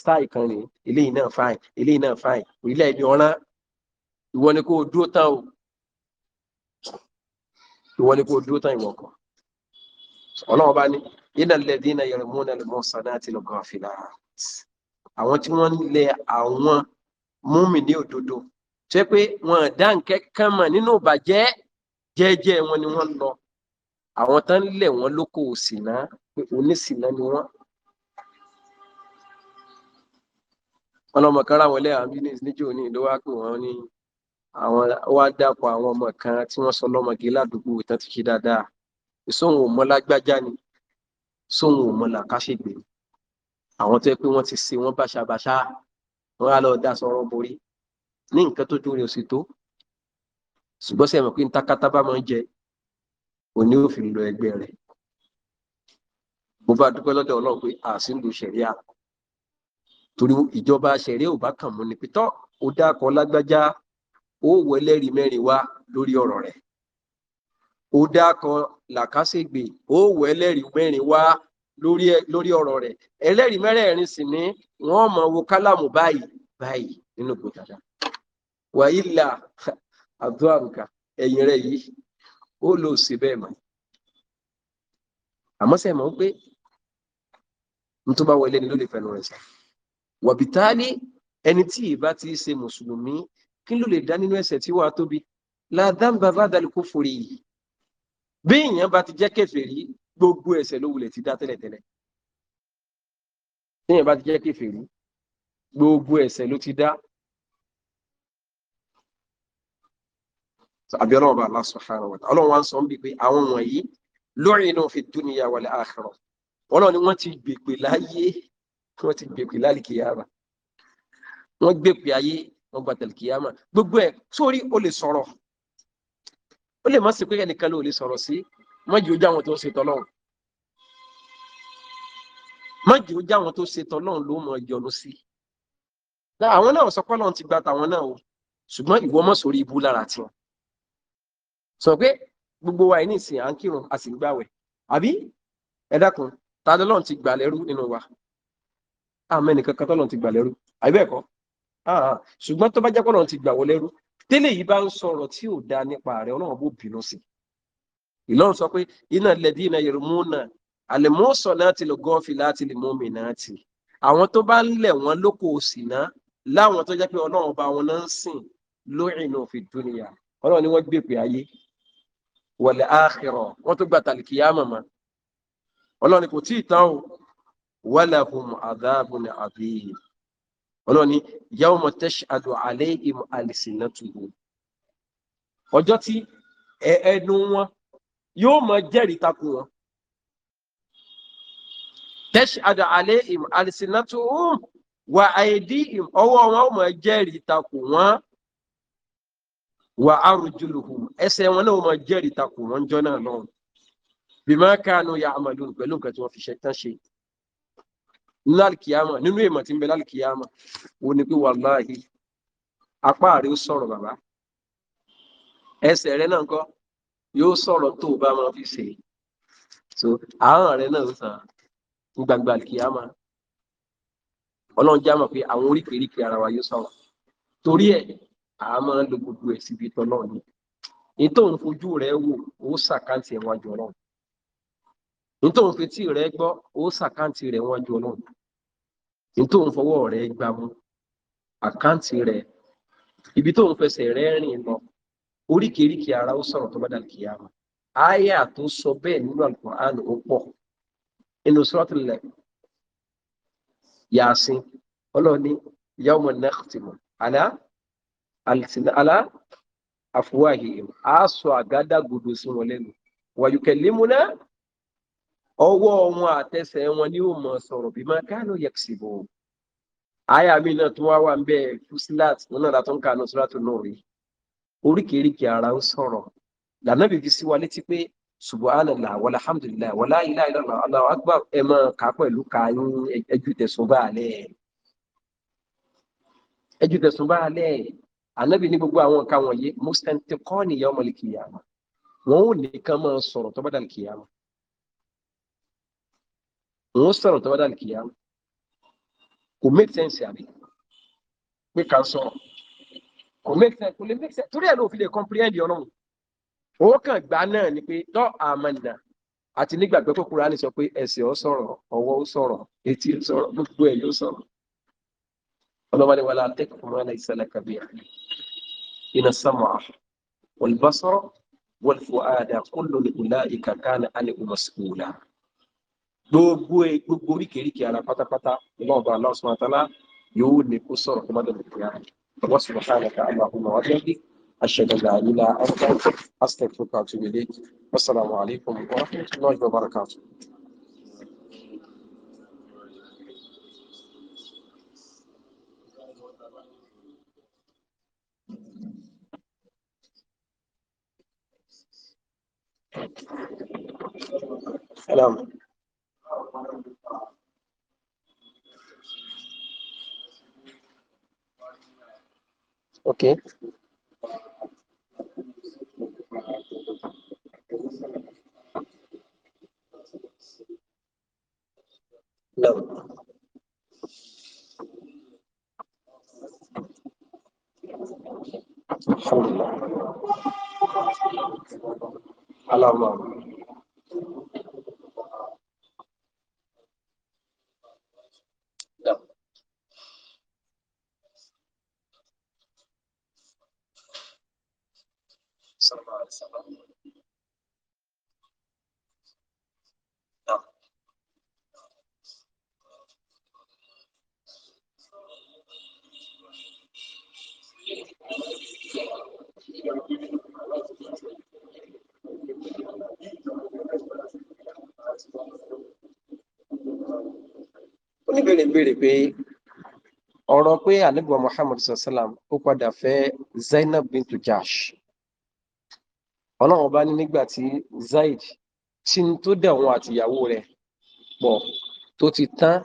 style kan rèé eléyìí náà fine eléyìí náà fine orílẹ̀ èdè ọ̀ràn ìwọ ni kò dúró tán o ìwọ ni kò dúró tán ìwọ kan ọlọ́run bá ní ilẹ̀ lẹ́dínà yẹrìmúnà lọ́sàn náà ti lọ́gọ́ àfilà àwọn tí wọ́n lẹ àwọn múmi ní òdodo tó pé wọn dá nǹkan kan mọ̀ nínú ìbàjẹ́ jẹ́ẹ́jẹ́ wọn ni wọ́n lọ àwọn tán lẹ̀ wọ́n lóko òsìnà pé onísìnà ni wọ́n. wọn lọmọ kan ra wọn lẹ àwọn business níjó ní ìlú wa pé wọn ní àwọn wá dàpọ̀ àwọn ọmọ kan tí wọ́n sọ lọ́mọge ládùúgbò tán ti ṣe dáadáa ìsóhun ò ni sóhun ò mọ làkàṣègbè àwọn tó yẹ pé wọ́n ti ṣe wọ́n báṣabàṣá wọ́n á lọ dá sọ̀rọ̀ borí ní nǹkan tó dúró sí tó ṣùgbọ́n sẹ́yìn mọ̀ pé ntakata bá máa ń jẹ òní ò fi lọ ẹgbẹ́ rẹ̀ mo bá dúpẹ́ lọ́dọ̀ ọlọ́run pé àṣìlù ṣẹ̀ríà torí ìjọba ṣẹ̀ríà ò bá kàn mú ni pítọ́ ó dákọ̀ lágbájá ó wọ ẹlẹ́rìí mẹ́rin wá lórí ọ̀rọ̀ rẹ̀ ó dákọ̀ làkàṣègbè ó wọ ẹlẹ́rìí mẹ́rin wá lórí lórí ọ̀rọ̀ rẹ̀ ẹlẹ́rìí mẹ́rẹ̀ẹ̀rin sì ni wọ́n mọ̀ wo kálámù báyìí báyìí nínú gbòdàdà wàhílà abdulharuka ẹ̀yìn rẹ̀ yìí ó lò sí bẹ́ẹ̀ mọ́ àmọ́ sẹ́ẹ̀ mọ́ pé nítorí bá wọlé ni ló lè fẹnu rẹ̀ sọ wàbítálí ẹni tí ìbá ti ṣe mùsùlùmí kí ló lè dá nínú ẹ̀ṣẹ̀ tí wàá tóbi ládàmbà bá dalẹ̀ kó forí yìí bí èèyàn bá ti jẹ́ kèfèrí gbogbo ẹ̀ṣẹ̀ ló wulẹ̀ ti dá tẹ́lẹ̀tẹ́lẹ̀ bí èèyàn bá ti jẹ́ kèfèrí gbogbo ẹ̀ṣẹ̀ ló ti dá àbí ọlọ́run bá Allah subhanahu wa ta'ala ọlọ́run wa ń sọ ń bí pé àwọn wọ̀nyí lu'inu fi dunya wal akhirah ọlọ́run ni wọ́n ti gbèpè láyé wọ́n ti gbèpè lálìkìyàmà wọ́n gbèpè ayé wọ́n gbàtẹ̀lìkìyàmà gbogbo ẹ̀ sórí o lè sọ̀rọ̀ ó lè má sì pé ẹnìkan ló lè sọ̀rọ̀ sí má jẹ́ ojú àwọn tó ń ṣe tọ́lọ́run má jẹ́ ojú àwọn tó ṣe tọ́lọ́run ló mọ̀ ìjọnu sí àwọn náà sọ pé ti gba tàwọn náà o ṣùgbọ́n ìwọ mọ̀ sórí ibú lára tiwọn sọ pé gbogbo wa ní ìsìn à ń kírun a sì ń gbàwẹ̀ àbí ẹ dákun ta lọ́lọ́run ti gbà lẹ́rú nínú wa àmọ́ ẹnìkan kan tọ́lọ́run ti gbà lẹ́rú àbí bẹ́ẹ̀ kọ́ ṣùgbọ́n tó bá jẹ́ pé ti gbà wọ lẹ́rú tẹ́lẹ̀ yìí bá ń sọ̀rọ̀ tí ò dáa nípa rẹ̀ ọlọ́run bó bínú sí ìlọrin sọ pé iná lẹ́bí iná yorùmú náà àlẹ́mọ́sọ̀ láti lè gọ́ọ̀fì láti lè mọ́mì náà tì àwọn tó bá ń lẹ̀ wọ́n lóko òsì náà láwọn tó jẹ́ pé ọlọ́run bá wọn náà ń sìn lóyìn náà fi dúnìyà ọlọ́run ni wọ́n gbé pé ayé wọ̀lẹ̀ áàkìrọ̀ wọ́n tó gba tàlìkìyà mọ̀mọ́ ọlọ́run kò tí ì tán o wọ́lẹ̀ hùm àdáàbùn àbíyìn ọlọ́ni yawma tashhadu alayhim alsinatuhum ọjọ́ tí ẹnu wọn yóò máa jẹ́rìí takò wọn tashhadu alayhim alsinatuhum wa aydihim ọwọ́ wọn ó máa jẹ́rìí takò wọn wa arjuluhum ẹsẹ̀ wọn náà ó máa jẹ́rìí takò wọn jọ náà lọ́wọ́ bima kanu ya'malun pẹ̀lú nǹkan tí wọ́n fi ṣe tán ṣe lálìkìyàmọ̀ nínú èèmọ̀ tí ń bẹ lálìkìyàmọ̀ ó ní pé wàláhì apá rẹ ó sọ̀rọ̀ bàbá ẹsẹ̀ rẹ náà kọ́ yóò sọ̀rọ̀ tó bá máa fi ṣe so àárọ̀ rẹ náà sàn gbangba lálìkìyàmọ̀ ọlọ́run já mọ̀ pé àwọn oríkèéríkèé ara wa yóò sọ̀rọ̀ torí ẹ̀ à máa ń lo gbogbo ẹ̀ síbi tọ́lọ́ ni ètò òun fojú rẹ wò ó sàkáǹtì ẹ̀ ọlọ́run ètò òun fetí rẹ gbọ́ ó sàkáǹtì rẹ̀ wájú ọlọ́run ní tó ń fọwọ́ rẹ̀ gbà mú àkáǹtì rẹ̀ ibi tó ń fẹsẹ̀ rẹ̀ rìn lọ oríkèéríkèé ara ó sọ̀rọ̀ tó bá dà kí á mọ̀ àyà tó sọ bẹ́ẹ̀ nínú alukur'an ó pọ̀ inú sọ́tìlẹ̀ yàsín ọlọ́ọ̀ni yawma nakhtimu ala ala afuwahi a sọ àgádágodo sí wọn lẹ́nu wàyùkẹ̀lẹ́múná ọwọ́ wọn àtẹsẹ̀ wọn ni ó mọ̀ sọ̀rọ̀ bí máa kánú yẹ̀kṣìbò àyà mi náà tó wá wà ń wọn náà ń tó náà rí oríkèéríkèé ara ń sọ̀rọ̀ lànà bìbí sí wa létí pé subhanallah walhamdulillah wala ilaha illallah allahu akbar ẹ máa kà pẹ̀lú kàáyún ẹjú tẹ̀sùn bá alẹ́ ẹjú tẹ̀sùn bá alẹ́ ànábì ní gbogbo òun sọ̀rọ̀ tó bá dà nìkìyà kò make sense àbí pé kà ń sọ̀rọ̀ kò make sense kò lè make sense torí ẹ̀ ló fi lè comprehend ọlọ́run ó kàn gbá náà ni pé tọ́ àmàna àti nígbàgbọ́ pé Kùránì sọ pé ẹsẹ̀ ó sọ̀rọ̀ ọwọ́ ó sọ̀rọ̀ etí ó sọ̀rọ̀ gbogbo ẹ̀ ló sọ̀rọ̀ ọlọ́wọ́n ni wà láti tẹ́kọ̀ọ́ fún wọn láìsí alákàbí iná sámà wal basara wal fuada kullu ulaika kana anhu mas'ula gbogbo e, gbogbo oríkèéríkè ara pátápátá lọ́ọ̀bà aláṣọ àtàlá yóò lè kó sọ̀rọ̀ kó má dẹ̀ lè kíá ọwọ́ sì wọ́n káàlẹ̀ káàlẹ̀ àwọn ọmọ ọjọ́ bí aṣẹ́gbẹ̀gbẹ̀ àlílà ọgbà astagfirullah tó wẹ̀lé wasalaamu alaykum wa rahmatulahi wa barakatuh. Hello. Okay. No. Alhamdulillah. Allahumma. oníbèrè béèrè pé ọ̀rọ̀ pé ànábì Muhammad sallam ó padà fẹ́ Zainab bintu Jahsh ọlọ́run bá ní nígbà tí Zaid tí n tó dẹ̀ wọn àtìyàwó rẹ̀ pọ̀ tó ti tán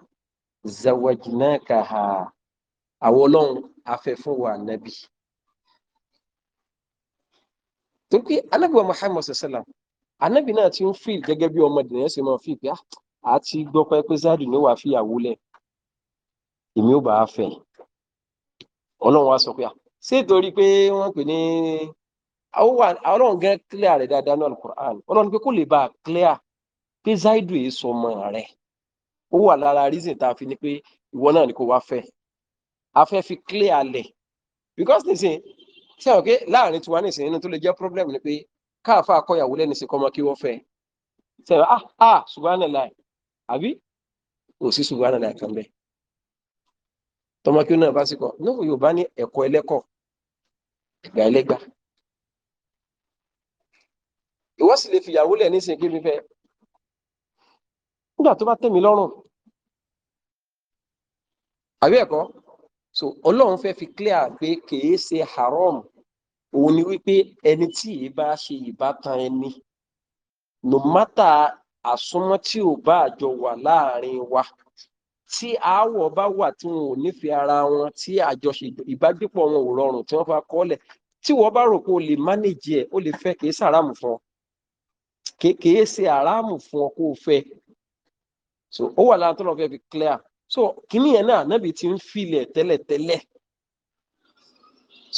zawajinakaha àwọn ọlọ́run afẹ́ fún wa nàbì torí pé anábìwá Muhammad sallam anábì náà ti ń fìl gẹ́gẹ́ bí ọmọ ìdìnnà ṣe máa fi pé àti ah, gbọ́ pé pé Zaid ni wàá fìyàwó lẹ̀ èmi ò bá fẹ́ ọlọ́run wá sọ pé ah, ṣé torí pé wọ́n pè ní àwọn wà ọlọ́run gẹ́ clear rẹ̀ dáadáa ní alukur'an ọlọ́run pé kó lè bá a clear pé zaidu yìí sọ ọmọ rẹ̀ ó wà lára reason tá a fi ni pé ìwọ náà ni kò wá fẹ́ a fẹ́ fi clear lẹ̀ because nísìn ṣe àwọn pé láàrin tiwa nísìn inú tó lè jẹ́ problem ni pé káàfà akọ́yàwó lẹ́nu sí kọ́mọ kí wọ́n fẹ́ ṣe àwọn ah ah subhanallah àbí kò sí subhanallah kan bẹ́ẹ̀ tọmọ kí ó náà bá sí kọ ní Yorùbá ní ẹ̀kọ́ ẹlẹ́kọ̀ọ́ ẹ̀gbà ẹlẹ́gbàá ìwọ sì lè fìyàwó lẹ̀ ní ìsìnkí fífẹ́ nígbà tó bá tẹ̀mí lọ́rùn àbí ẹ̀kọ́ so ọlọ́run fẹ́ fi clear pé kìí ṣe haram òun ni wípé ẹni tí ì bá ṣe ìbátan ẹni no matter àsúnmọ́ tí ò bá àjọ wà láàrin wa tí aáwọ̀ bá wà tí wọn ò nífẹ̀ẹ́ ara wọn tí àjọṣe ìbágbépọ̀ wọn ò rọrùn tí wọ́n fa kọ́lẹ̀ tí wọ́n bá rò pé o lè manage ẹ̀ o lè fẹ́ kìí ṣàràmù fún ọ kìí ṣe àràmù fún ọkọ òfẹ so ó wà lára tó lọ fẹ fi clear so kìíní yẹn náà nábì ti ń filẹ̀ tẹ́lẹ̀tẹ́lẹ̀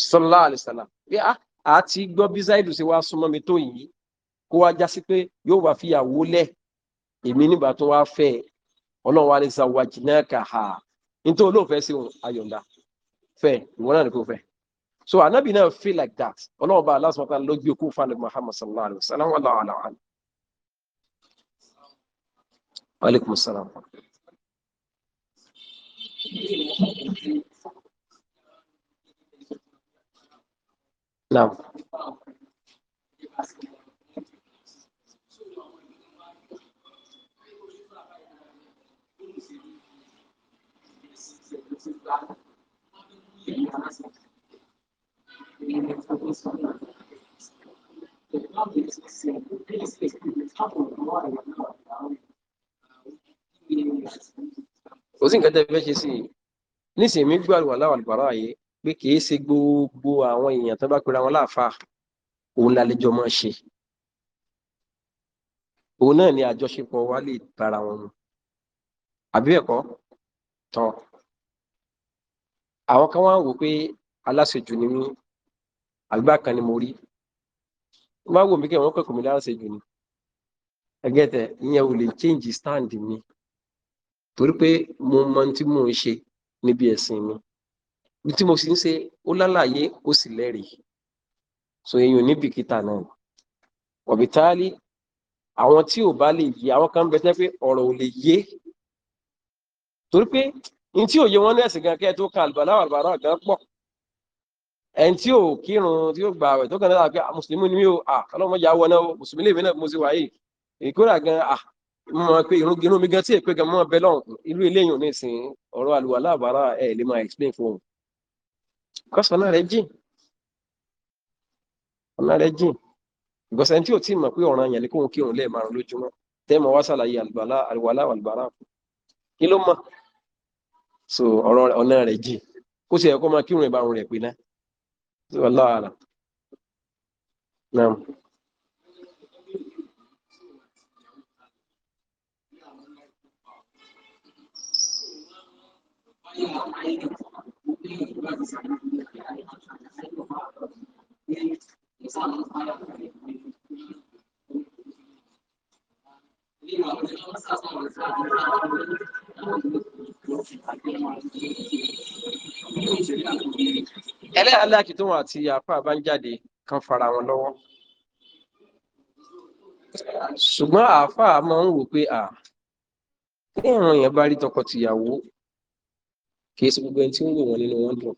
sallallahu alaihi wasallam bí ah, a ti gbọ́ bí Zaidu ṣe wá súnmọ́ mi tó yìí kó wá já sí pé yóò wá fìyàwó lẹ̀ èmi nígbà tó wá fẹ́ ọlọ́run wa lè sa wàjìnàkà ha nítorí olóòfẹ́ sí ayọ̀ǹda fẹ́ ìwọ náà ni kò fẹ́ so anabi náà feel like that ọlọ́run bá aláṣọ mọ́tà lọ́gbẹ̀ẹ́ kó fún alẹ́ Muhammad sallallahu alaihi wasallam وعليكم السلام نعم Thank you. kò sí nǹkan tẹ́ fẹ́ ṣe sí i nísìnyí mi gbọ́ àlùwàlá àlùbárà yé pé kì í ṣe gbogbo àwọn èèyàn tó bá pera wọn láàfa òun lálejò máa ṣe òun náà ni àjọṣepọ̀ wa lè bára wọn mu àbí ẹ̀kọ́ tán àwọn kan wá ń wò pé aláṣejù ni mí àgbà kan ni mo rí wọ́n wò mí kí wọ́n kọ̀kọ̀ mi láṣejù ni ẹgẹ́tẹ̀ ìyẹn ò lè change stand mi torí pé mo mọ tí mò ń ṣe níbi ẹ̀sìn mi ní tí mo sì ń ṣe ó lálàyé ó sì lẹ́rìí so èèyàn ní bìkítà náà ọ̀bìtálí àwọn tí ò bá lè yé àwọn kan bẹ tẹ́ pé ọ̀rọ̀ ò lè yé torí pé ní tí ò wọn ní ẹ̀sìn gan kẹ́ tó ka àlùbàlà àlùbàlà gan pọ̀ ẹni tí ò kírun tí ó gba àwẹ̀ tó kàn náà pé ah, mùsùlùmí ni mí o ah, ọlọ́mọ yà wọ náà mùsùlùmí lèmi náà mo ti wà yìí èkó rà gan ah, mo máa pe irun irun mi gan tí èpè gan mọ́ bẹ́ẹ̀ lọ́hùn irú eléyìí ní ìsìn ọ̀rọ̀ àlùwà láàbàárà ẹ̀ lè máa explain fún un kọ́sọ̀ náà rẹ̀ jìn ọ̀nà rẹ̀ jìn ìgbọ̀nsẹ̀ tí ò tí mọ̀ pé ọ̀ràn yẹn ni kóhun kírun lẹ́ẹ̀ márùn lójúmọ́ tẹ́mọ̀ wá sàlàyé àlùwàlá àlùbárà kí ló mọ̀ so ọ̀rọ̀ ọ̀nà rẹ̀ jìn kó sì ẹ̀kọ́ máa kírun ìbárun rẹ̀ pé náà sí ọlọ́ọ̀rà náà 最好拿一点不必乱想的一个给他一个传达太多话了，因为以上的话要可以。另外，我觉得上上我上上我们，然后我喜欢变化，因为学校。ẹlẹ́ aláàkì tó wọn àti àfa bá ń jáde kan fara wọn lọ́wọ́ ṣùgbọ́n àáfàá máa ń wò pé à ní ìran yẹn bá rí tọkọtìyàwó kì í ṣe gbogbo ẹni tí ń wò wọn nínú wọn dùn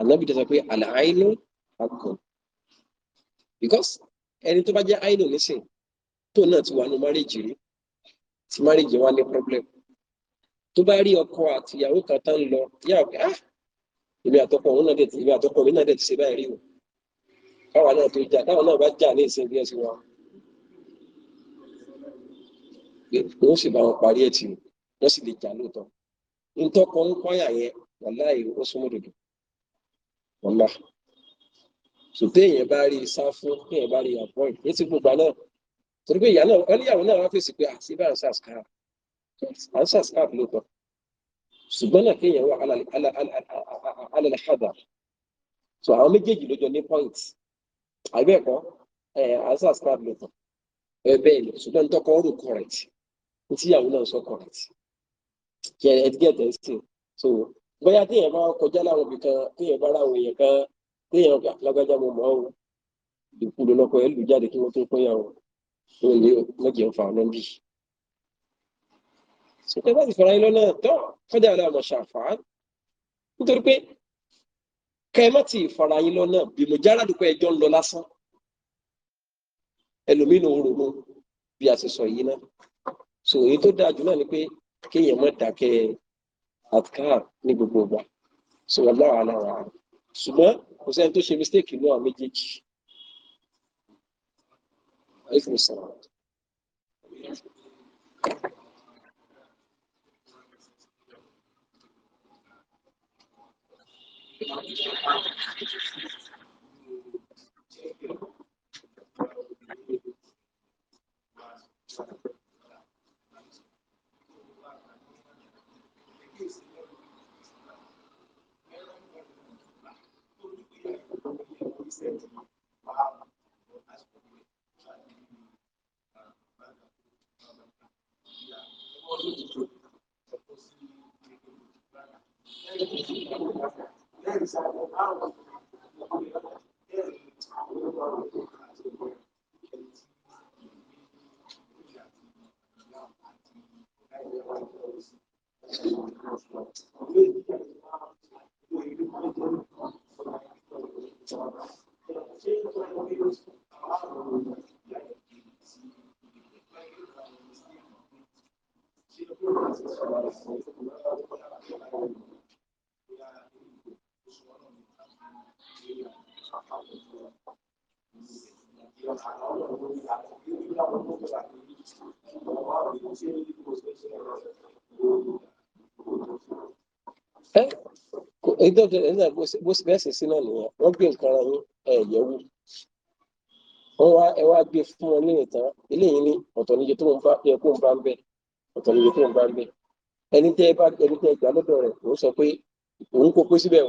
ànábì tó sọ pé àlàáìnú àgùn because ẹni tó bá jẹ́ àìnú nísìn tó náà ti wà ní márèjì rí tí márèjì wá ní problem tó bá rí ọkọ àti ìyàwó kan tá lọ yà pé ah èmi àtọkọ òun náà dẹ̀ ti èmi àtọkọ mi náà dẹ̀ ti ṣe báyìí rí o káwa náà tó jà káwa náà bá jà ní ìsìn bí ẹ ti wà òun sì bá wọn parí ẹ̀ tì wọ́n sì lè jà lóòótọ́ ntọ́kọ̀ ń kwáyà yẹn wàláì ó súnmọ́ dòdò wàlá sòtẹ́ èèyàn bá rí sá fún èèyàn bá rí àpọ́ìn ní ti gbogbo náà torí pé ìyá náà wọ́n níyàwó náà wá fèsì pé àti ah, bá ń sá scar à ń sá scar lóòótọ́ ṣùgbọ́n náà kéèyàn wà alẹ́ ṣàdà so àwọn méjèèjì lójọ ní point àbẹ́ẹ̀kọ́ à ń sá scar lóòótọ́ ẹ bẹ́ẹ̀ ni ṣùgbọ́n ntọ́kọ̀ ọ̀rùn correct ní tíyàwó náà sọ correct kí ẹ ti gẹ̀tẹ̀ so bóyá téèyàn bá kọjá láwọn ibì kan téèyàn bá ráwọn èèyàn kan téèyàn gbà lágbájá mo mọ̀ ọ́ ìkú lọ́kọ̀ ẹ̀ lù jáde kí wọ́n tó pín yàwó tó lè mọ̀jẹ̀ ń fa ọ̀nà bí. sọtẹ́ bá ti fara yín lọ́nà tán fọ́jà aláàmọ̀ ṣàǹfààní nítorí pé kẹ́mọ́ ti fara yín lọ́nà bímọ járadùkọ ẹjọ́ ń lọ lásán ẹlòmínú ronú bí a ti sọ yìí náà so èyí tó dáa jù náà ni pé kéèyàn má dákẹ́ àtìkáà ní gbogbo ìgbà so wallahu a'lam ṣùgbọ́n kò sẹ́ni tó ṣe mistake inú àwọn méjèèjì Thank you. èyí tó tẹ̀lé nígbà bó bẹ́ẹ̀ sì sí náà nìyẹn wọ́n gbé nǹkan ara yín ẹ̀yẹ̀ wù wọ́n wá ẹ wá gbé fún wọn lẹ́yìn tán eléyìí ní ọ̀tọ̀ níye tó ń bá yẹ kó ń bá ń bẹ̀ ọ̀tọ̀ níye tó ń bá ń bẹ̀ ẹni tẹ́ bá ẹni tẹ́ gbà lọ́dọ̀ rẹ̀ òun sọ pé òun kò pé síbẹ̀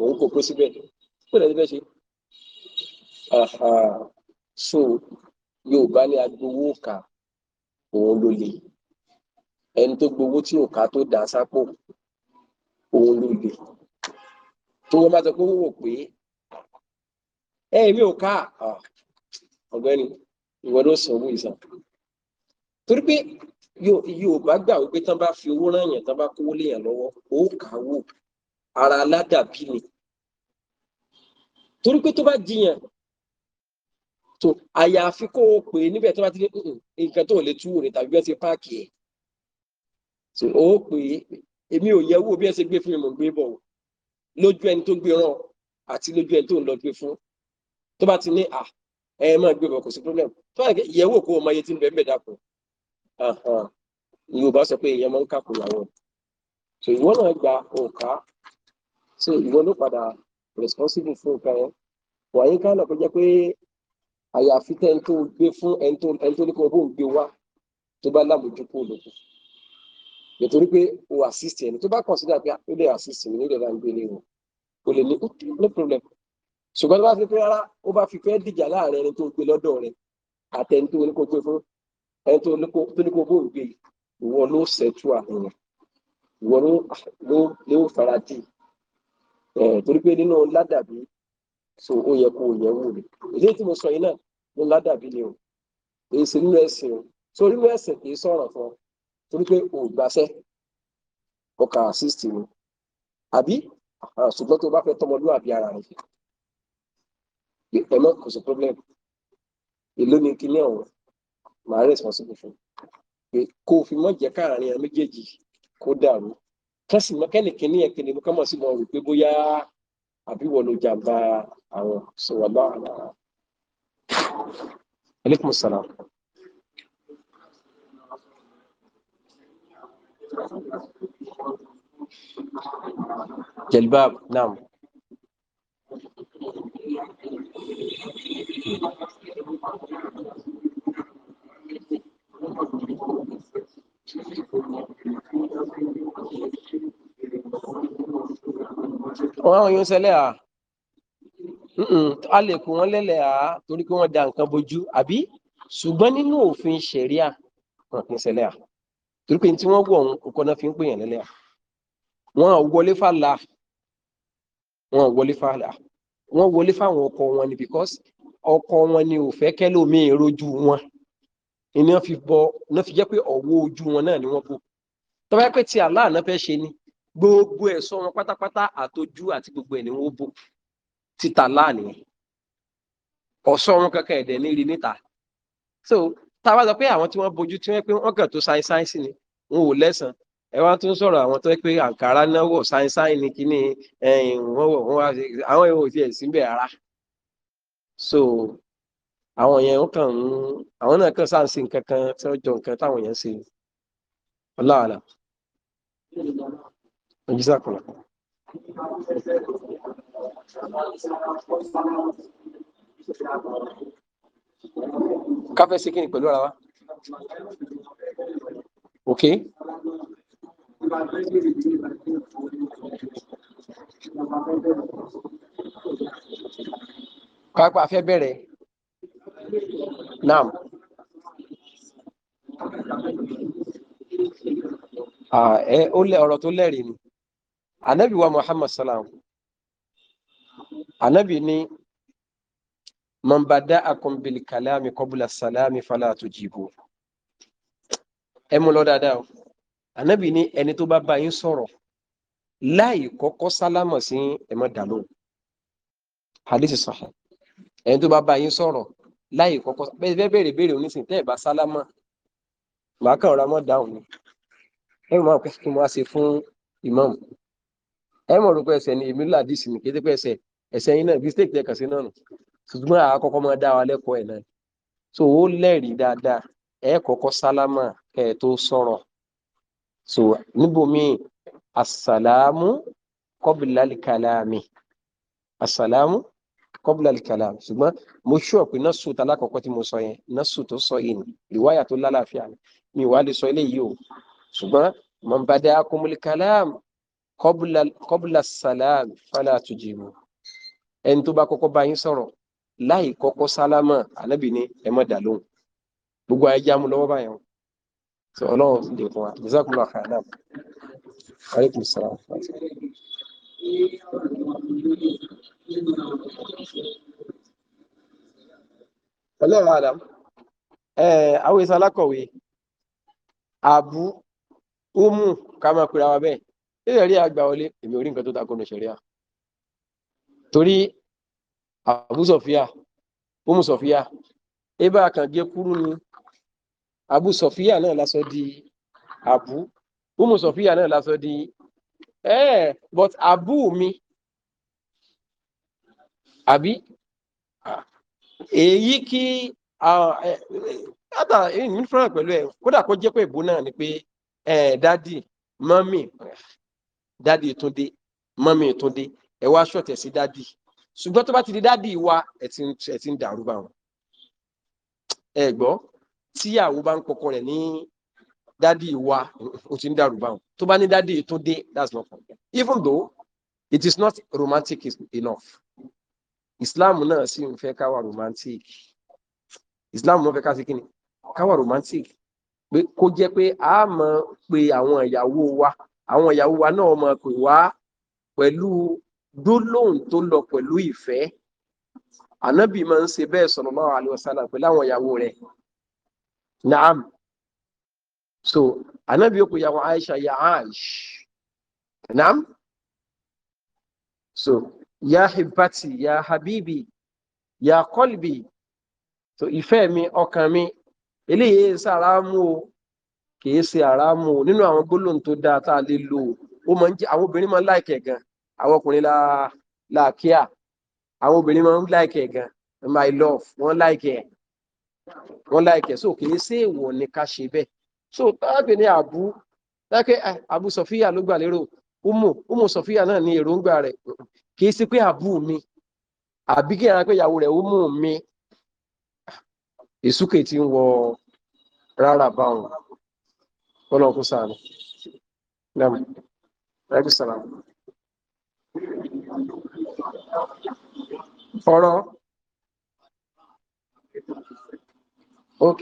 òun kò pé síbẹ̀ kó lẹ́ni bẹ́ẹ̀ ṣe. so Yorùbá ní agbowó kà òun ló le ẹni tó gbowó tí ò ká tó dà sápò òun ló le tó wọ́n bá sọ pé ó wò pé ẹ èmi ò ká ọ̀gbẹ́ni ìwọ ló sọ owó ìsàn torí pé Yorùbá gbà wípé tán bá fi owó ràn yàn tán bá kówó léèyàn lọ́wọ́ ó kà á wò ara aládàbí ni torí pé tó bá jiyàn tó àyàfi kó o pè é níbẹ̀ tó bá ti ní nǹkan tó lè túwò ní tàbí bí wọ́n ti páàkì ẹ̀ tó o pè é èmi ò yẹ owó bí ẹ ṣe gbé fún mi mò ń gbé bọ̀ o lójú ẹni tó gbé rán àti lójú ẹni tó ń lọ gbé fún tó bá ti ní à ẹ máa gbé bọ̀ kò sí problem tó bá yẹ wò kó o máa yẹ tí ń bẹ ń bẹ dàpọ̀ yorùbá sọ pé èèyàn máa ń kàkó làwọn so ìwọ náà gba òǹkà so ìwọ ló padà responsible fún nǹkan yẹn wàyí ká lọ kọjá pé àyàfi tẹ́ ẹni tó gbé fún ẹni tó ní kó o bó ń gbé wá tó bá lámòjú kó o lòkùn nítorí pé o assist ẹni tó bá consider pé ah, ó lè assist mi nílẹ̀ bá ń o o lè ní no problem ṣùgbọ́n tó bá fi pé rárá ó bá fi fẹ́ dìjà láàrin ẹni tó gbé lọ́dọ̀ rẹ àtẹni tó ní kó gbé fún ẹni tó ní kó bóun gbé ìwọ ló ṣẹ́tù àníyàn ìwọ ló ló faradì torí pé nínú ládàbí so ó yẹ kó o yẹ wò ni èdè tí mo sọ yìí náà ló ládàbí ni o èyí sì nínú ẹ̀sìn o so nínú ẹ̀sìn kì í sọ̀rọ̀ fún ọ torí pé o gbàṣẹ ọkà assist ni àbí ah, ṣùgbọ́n tó bá fẹ́ tọmọlúwàbí ara rẹ̀ ẹ̀mọ́ kò sí problem èló ni kíní ọ̀hún màá responsible fún pé kó o fi mọ́ jẹ́ káàárín ẹ méjèèjì kó dàrú kán sì mọ́ kẹ́nìkíní ẹ̀ kìnìún kán mọ̀ sí mọ́ rò pé bóyá àbí wọ́n ló jàǹbá àwọn sọ̀rọ̀ bá àwọn. alaikum salaam. جلباب نعم wọ́n àwọn yóò ṣẹlẹ̀ à a lè kó wọn lẹ́lẹ̀ à torí pé wọ́n da nǹkan bojú àbí ṣùgbọ́n nínú òfin ṣẹ̀ríà wọn kì í ṣẹlẹ̀ à torí pé tí wọ́n wọ̀ ọ̀hún nǹkan náà fi ń pè yàn lẹ́lẹ́yà wọn à wọlé fàlà wọn à wọlé fàlà wọn wọlé fáwọn ọkọ wọn ni because ọkọ wọn ni ò fẹ́ kẹ́lòmíì rojú wọn ni wọ́n fi bọ wọ́n fi jẹ́ pé ọ̀wọ́ ojú wọn náà ni wọ́n bò tó bá pẹ́ tí Allah náà fẹ́ ṣe ni gbogbo ẹ̀ṣọ́ wọn pátápátá àtọjú àti gbogbo ẹ̀ ni wọ́n bò títà láàánú ọ̀ṣọ́ wọn kankan ẹ̀dẹ̀ ní rí níta so tá a bá sọ pé àwọn tí wọ́n bojú tí wọ́n pé wọ́n kàn tó sáínsáínsì ni wọn ò lẹ́sàn ẹ wá tó ń sọ̀rọ̀ àwọn tó ń pé àǹkárá náà wọ̀ sáínsáín ni kíní ẹ̀yìn wọ́n wọ̀ wọ́n wá àwọn èèyàn ò tiẹ̀ síbẹ̀ rárá so àwọn yẹn ń kàn ń àwọn náà kàn sáà ń ṣe nǹkan kan tí wọ́n jọ nǹkan táwọn yẹn ń ṣe ọláàlà ojúṣà kùnà. Thank you káfẹ́ sí kíni pẹ̀lú ara wa ok pápá fẹ́ bẹ̀rẹ̀ naam ọ̀rọ̀ tó lẹ́rìí ni anabi wa muhammad salam anabi ni man bada'akum bil kalami qabla salami fala tujibu ẹ mú lọ dáadáa o ànábì ní ẹni tó bá bá yín sọ̀rọ̀ láì kọ́kọ́ sálámọ̀ sí ẹ má dá lóhùn hadith sahih ẹni tó bá bá yín sọ̀rọ̀ láì kọ́kọ́ bẹ́ẹ̀ bẹ̀rẹ̀ bẹ̀rẹ̀ onísìn tẹ́ ẹ̀ bá sálámà màá kàn ra mọ́ dáhùn ni ẹ mọ̀ pé kí n wá ṣe fún imam ẹ mọ̀ rò pé ẹsẹ̀ ni èmi ládìsí ni kété pé ẹsẹ̀ ẹsẹ̀ yín náà mistake tẹ́ kàn sí náà nù ṣùgbọ́n àá kọ́kọ́ máa dá wa lẹ́kọ̀ọ́ ẹ̀ náà so ó lẹ́rìí dáadáa ẹ kọ́kọ́ sálámà kẹ ẹ tó sọ̀rọ̀ so níbòmíì asàlámù kọ́bìlálì kàlámì asàlámù kọ́bùlàlì kàlàm ṣùgbọ́n mo ṣú ọ̀pẹ nọ́ọ̀sù talákọ̀ọ́kọ́ tí mo sọ yẹn nọ́ọ̀sù tó sọ yìí ni ìwáyà tó lálàáfíà ni mi ìwà lè sọ eléyìí o ṣùgbọ́n man bada akumuli kàlàm kọ́bùlà sàlàm fàlà àtújì ẹni tó bá kọ́kọ́ bá yín sọ̀rọ̀ láì kọ́kọ́ sálámà ànábì ni ẹ má dà lóhùn gbogbo ayé jámú lọ́wọ́ báyẹn o sọ ọlọ́run ń dè fún wa jazakumullahu khairan alaikum salaam. ọlọ́run adam àwọn èso alákọ̀wé àbú umu ká máa pera wa bẹ́ẹ̀ ṣé ìrẹ̀rí àgbà wọlé èmi orí nǹkan tó takò ní ṣẹ̀ríà torí àbúsọ̀fíà ọmọsọ̀fíà ebe àkànjẹ kúrú ni àbúsọ̀fíà náà lásọ di àbú ọmọsọ̀fíà náà lásọ di ẹ́ẹ̀ but àbú mi àbí èyí kí látà èyí fúnra pẹ̀lú ẹ̀ kódà kó jẹ́ pé ìbò náà ni pé dádì mọ́mì dádì Túndé mọ́mì Túndé ẹ wá ṣọ̀tẹ̀ sí dádì ṣùgbọ́n tó bá ti di dádì wa ẹ̀ ti ń dàrú bá wọn ẹ gbọ́ tíyàwó bá ń kọkọ rẹ̀ ní dádì wa ó ti ń dàrú bá wọn tó bá ní dádì tó dé that's not for them even though it is not romantic enough Islam náà sì ń fẹ́ káwa romantic Islam náà fẹ́ ká sí kí ni káwa romantic pé kó jẹ́ pé a mọ̀ pé àwọn ìyàwó wa àwọn ìyàwó wa náà mọ̀ pé wá pẹ̀lú gbólóhùn tó lọ pẹ̀lú ìfẹ́ ànábì máa ń ṣe bẹ́ẹ̀ sallallahu alaihi wasallam pẹ̀lú àwọn ìyàwó rẹ̀ naam so ànábì ó kò yàwó Aisha ya Aish naam so ya hibbati ya habibi ya Kolbi, so ìfẹ́ mi ọkàn mi eléyìí sára mú o kìí ṣe àrá mú o nínú àwọn gbólóhùn tó dáa tá a lè lò ó máa ń jẹ àwọn obìnrin máa ń láìkẹ̀ gan-an. àwọn ọkùnrin láàkíà àwọn obìnrin máa ń láìkẹ̀ gan my love wọ́n láìkẹ̀ wọ́n láìkẹ̀ so kì í sí ni ká ṣe so tábìlì ní àbú láìkẹ́ àbú ah, sọfíà ló gbà umu umu sọfíà náà ní èròǹgbà rẹ̀ kì í sí pé àbú mi àbí kí ẹran pé ìyàwó umu mi ìsúkè ti ń wọ rárá báwọn ọlọ́run kó ọ̀rọ̀ ok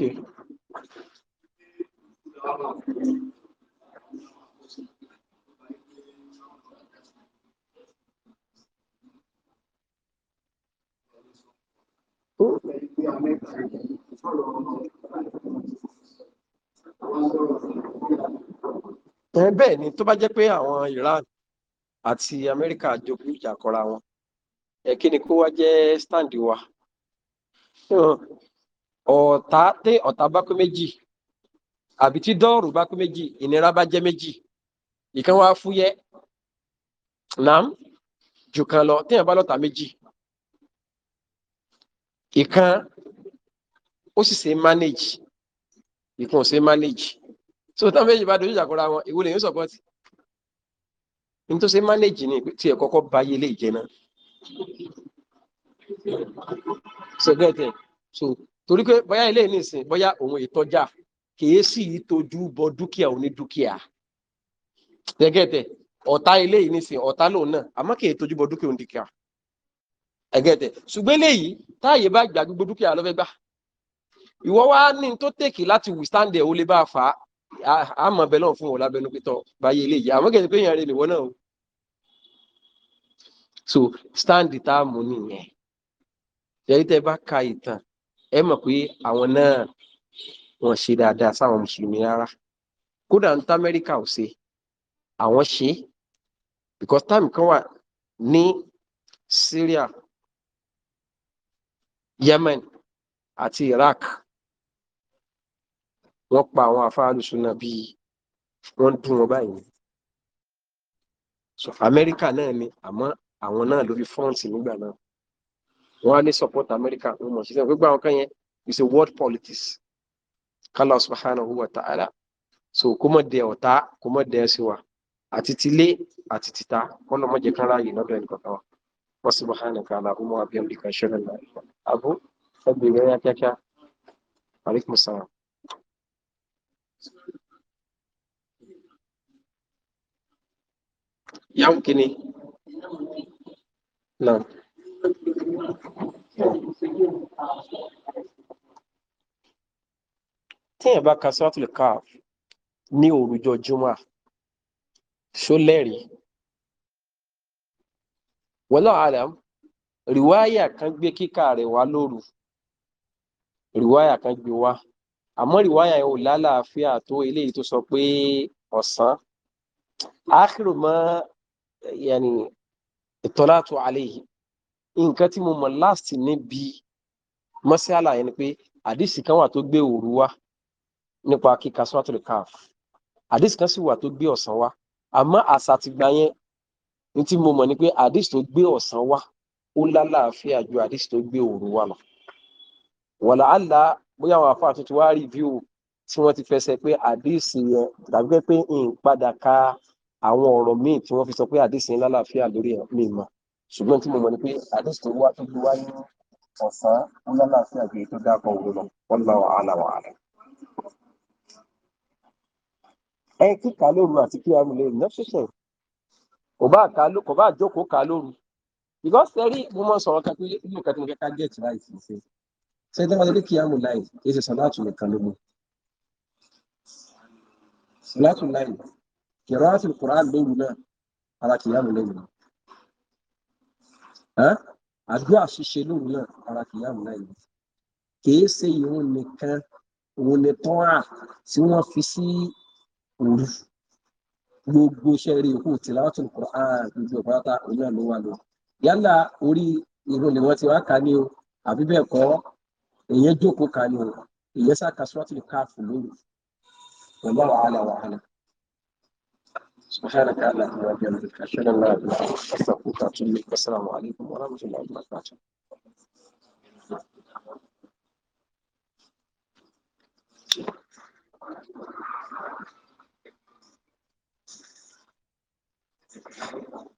bẹ́ẹ̀ ni tó bá jẹ́ pé àwọn Iran àti amẹ́ríkà jogún ìjà kọra wọn ẹ kí ni kó wá jẹ́ stand wa ọ̀tá tẹ ọ̀tá bá pé méjì àbí tí dọ́ọ̀rù bá pé méjì ìnira bá jẹ́ méjì ìkan wá fúyẹ́ nàám jù kan lọ téèyàn bá lọ́tà méjì ìkan ó sì ṣe manage ìkan ò ṣe manage so táwọn méjì bá dojú ìjà kọra wọn ìwúlẹ̀ yóò sọ̀pọ̀tì ní tó ṣe manage ní tí ẹ̀ kọ́kọ́ bá yé lè jẹ náà ṣẹ̀gẹ́tẹ̀ so torí pé bóyá ilé nísìn bóyá òun ìtọ́jà kìí sì tójú bọ dúkìá òní dúkìá ṣẹ̀gẹ́tẹ̀ ọ̀tá ilé yìí nísìn ọ̀tá lòun náà àmọ́ kìí tójú bọ dúkìá òní dúkìá ẹ̀gẹ́tẹ̀ ṣùgbọ́n eléyìí táàyè bá gbà gbogbo dúkìá lọ́fẹ́ gbà ìwọ wá ní tó tèkì láti withstand ẹ̀ ó lè bá a fà á a mọ̀ bẹ́ẹ̀ náà fún wọn lábẹ́nu pítọ̀ báyé ilé yìí àmọ́ kẹ́sì pé èèyàn rẹ̀ nìwọ náà so stand tá a mú nìyẹn yẹ́rì tẹ́ bá ka ìtàn ẹ mọ̀ pé àwọn náà wọ́n ṣe dáadáa sáwọn mùsùlùmí rárá kódà ń tá amẹ́ríkà ò ṣe àwọn ṣe because time kan wà ní Syria Yemen àti Iraq wọ́n pa àwọn àfáàlù súnà bíi wọ́n dùn wọn báyìí so amẹ́ríkà náà ni àmọ́ àwọn náà ló fi fọ́ǹsì nígbà náà wọ́n á ní support amẹ́ríkà wọ́n mọ̀ sí sẹ́yìn gbogbo àwọn kan yẹn is a world politics kálá subhanahu wa ta'ala so kó mọ̀ dẹ ọ̀tá kó mọ̀ dẹ sí wa àti tilé àti tìta kọ́ lọ́mọ jẹ kán ráàyè lọ́dọ̀ ẹnì kọ̀ọ̀kan wa wọ́n subhanaka allahumma wa bihamdika ashhadu an la ilaha illa anta astaghfiruka wa atubu kíákíá alaikum salaam. Yam kini. Naam. Téèyàn bá ka Suratul Kahf ní òrùjọ Júmọ́ ṣó lẹ́rìí. Wallahu alam, rìwáyà kan gbé kíkà rẹ̀ wá lóru. Rìwáyà kan gbé wá àmọ́ ìwáyà ẹ̀ ò lálàáfíà tó eléyìí tó sọ pé ọ̀sán áàkìrò mọ́ yàní ìtọ́látò àléyìí nǹkan tí mo mọ̀ last níbi mọ́sálà yẹn ni pé àdìsí kan wà tó gbé òru wá nípa kíka suratul Kahf àdìsí kan sì wà tó gbé ọ̀sán wá àmọ́ àṣà ti yẹn ní tí mo mọ̀ ni pé àdìsí tó gbé ọ̀sán wá ó lálàáfíà ju àdìsí tó gbé òru wá lọ wàlàhálà bóyá àwọn àfáà tó ti wá review tí wọ́n ti fẹsẹ̀ pé àdéhìsì yẹn tàbí pé pé n padà ka àwọn ọ̀rọ̀ míì tí wọ́n fi sọ pé àdéhìsì yẹn lálàáfíà lórí ẹ̀ mi mọ̀ ṣùgbọ́n tí mo mọ̀ ni pé àdéhìsì tó wá tó wá ní ọ̀sán ó lálàáfíà gbé tó dákọ̀ òun lọ wọ́n lọ wàhálà wàhálà. ẹ kíkà lóru àti kí àrùn lè ná ṣẹṣẹ kò bá kà ló kò bá jókòó kà lóru because ẹ rí mo mọ sọ̀rọ̀ kan pé inú kẹtùmọkẹta get right ṣe Eh? ṣe tí wọ́n ti lé kí àmú láì kì í ṣe sọ̀láàtù nìkan ló mú sọ̀láàtù láì kìrọ́ àti kùrán lóru náà ara kì í àmú lẹ́yìn àdúrà ṣíṣe lóru náà ara kì í àmú lẹ́yìn kì í ṣe ìhun nìkan òun ni tán à tí wọ́n fi sí òru gbogbo iṣẹ́ rí òkú tìláwàtò kùrán gbogbo ìpàtà òun náà ló wà lọ yálà orí ìròlé wọn ti wá kà ní o àbí kọ́ ìyẹn jókòó kan ni o ìyẹn sàkà sọ́ọ̀tì káàfù سبحانك اللهم وبحمدك اشهد ان لا اله الا انت استغفرك واتوب اليك عليكم ورحمه الله وبركاته Thank you.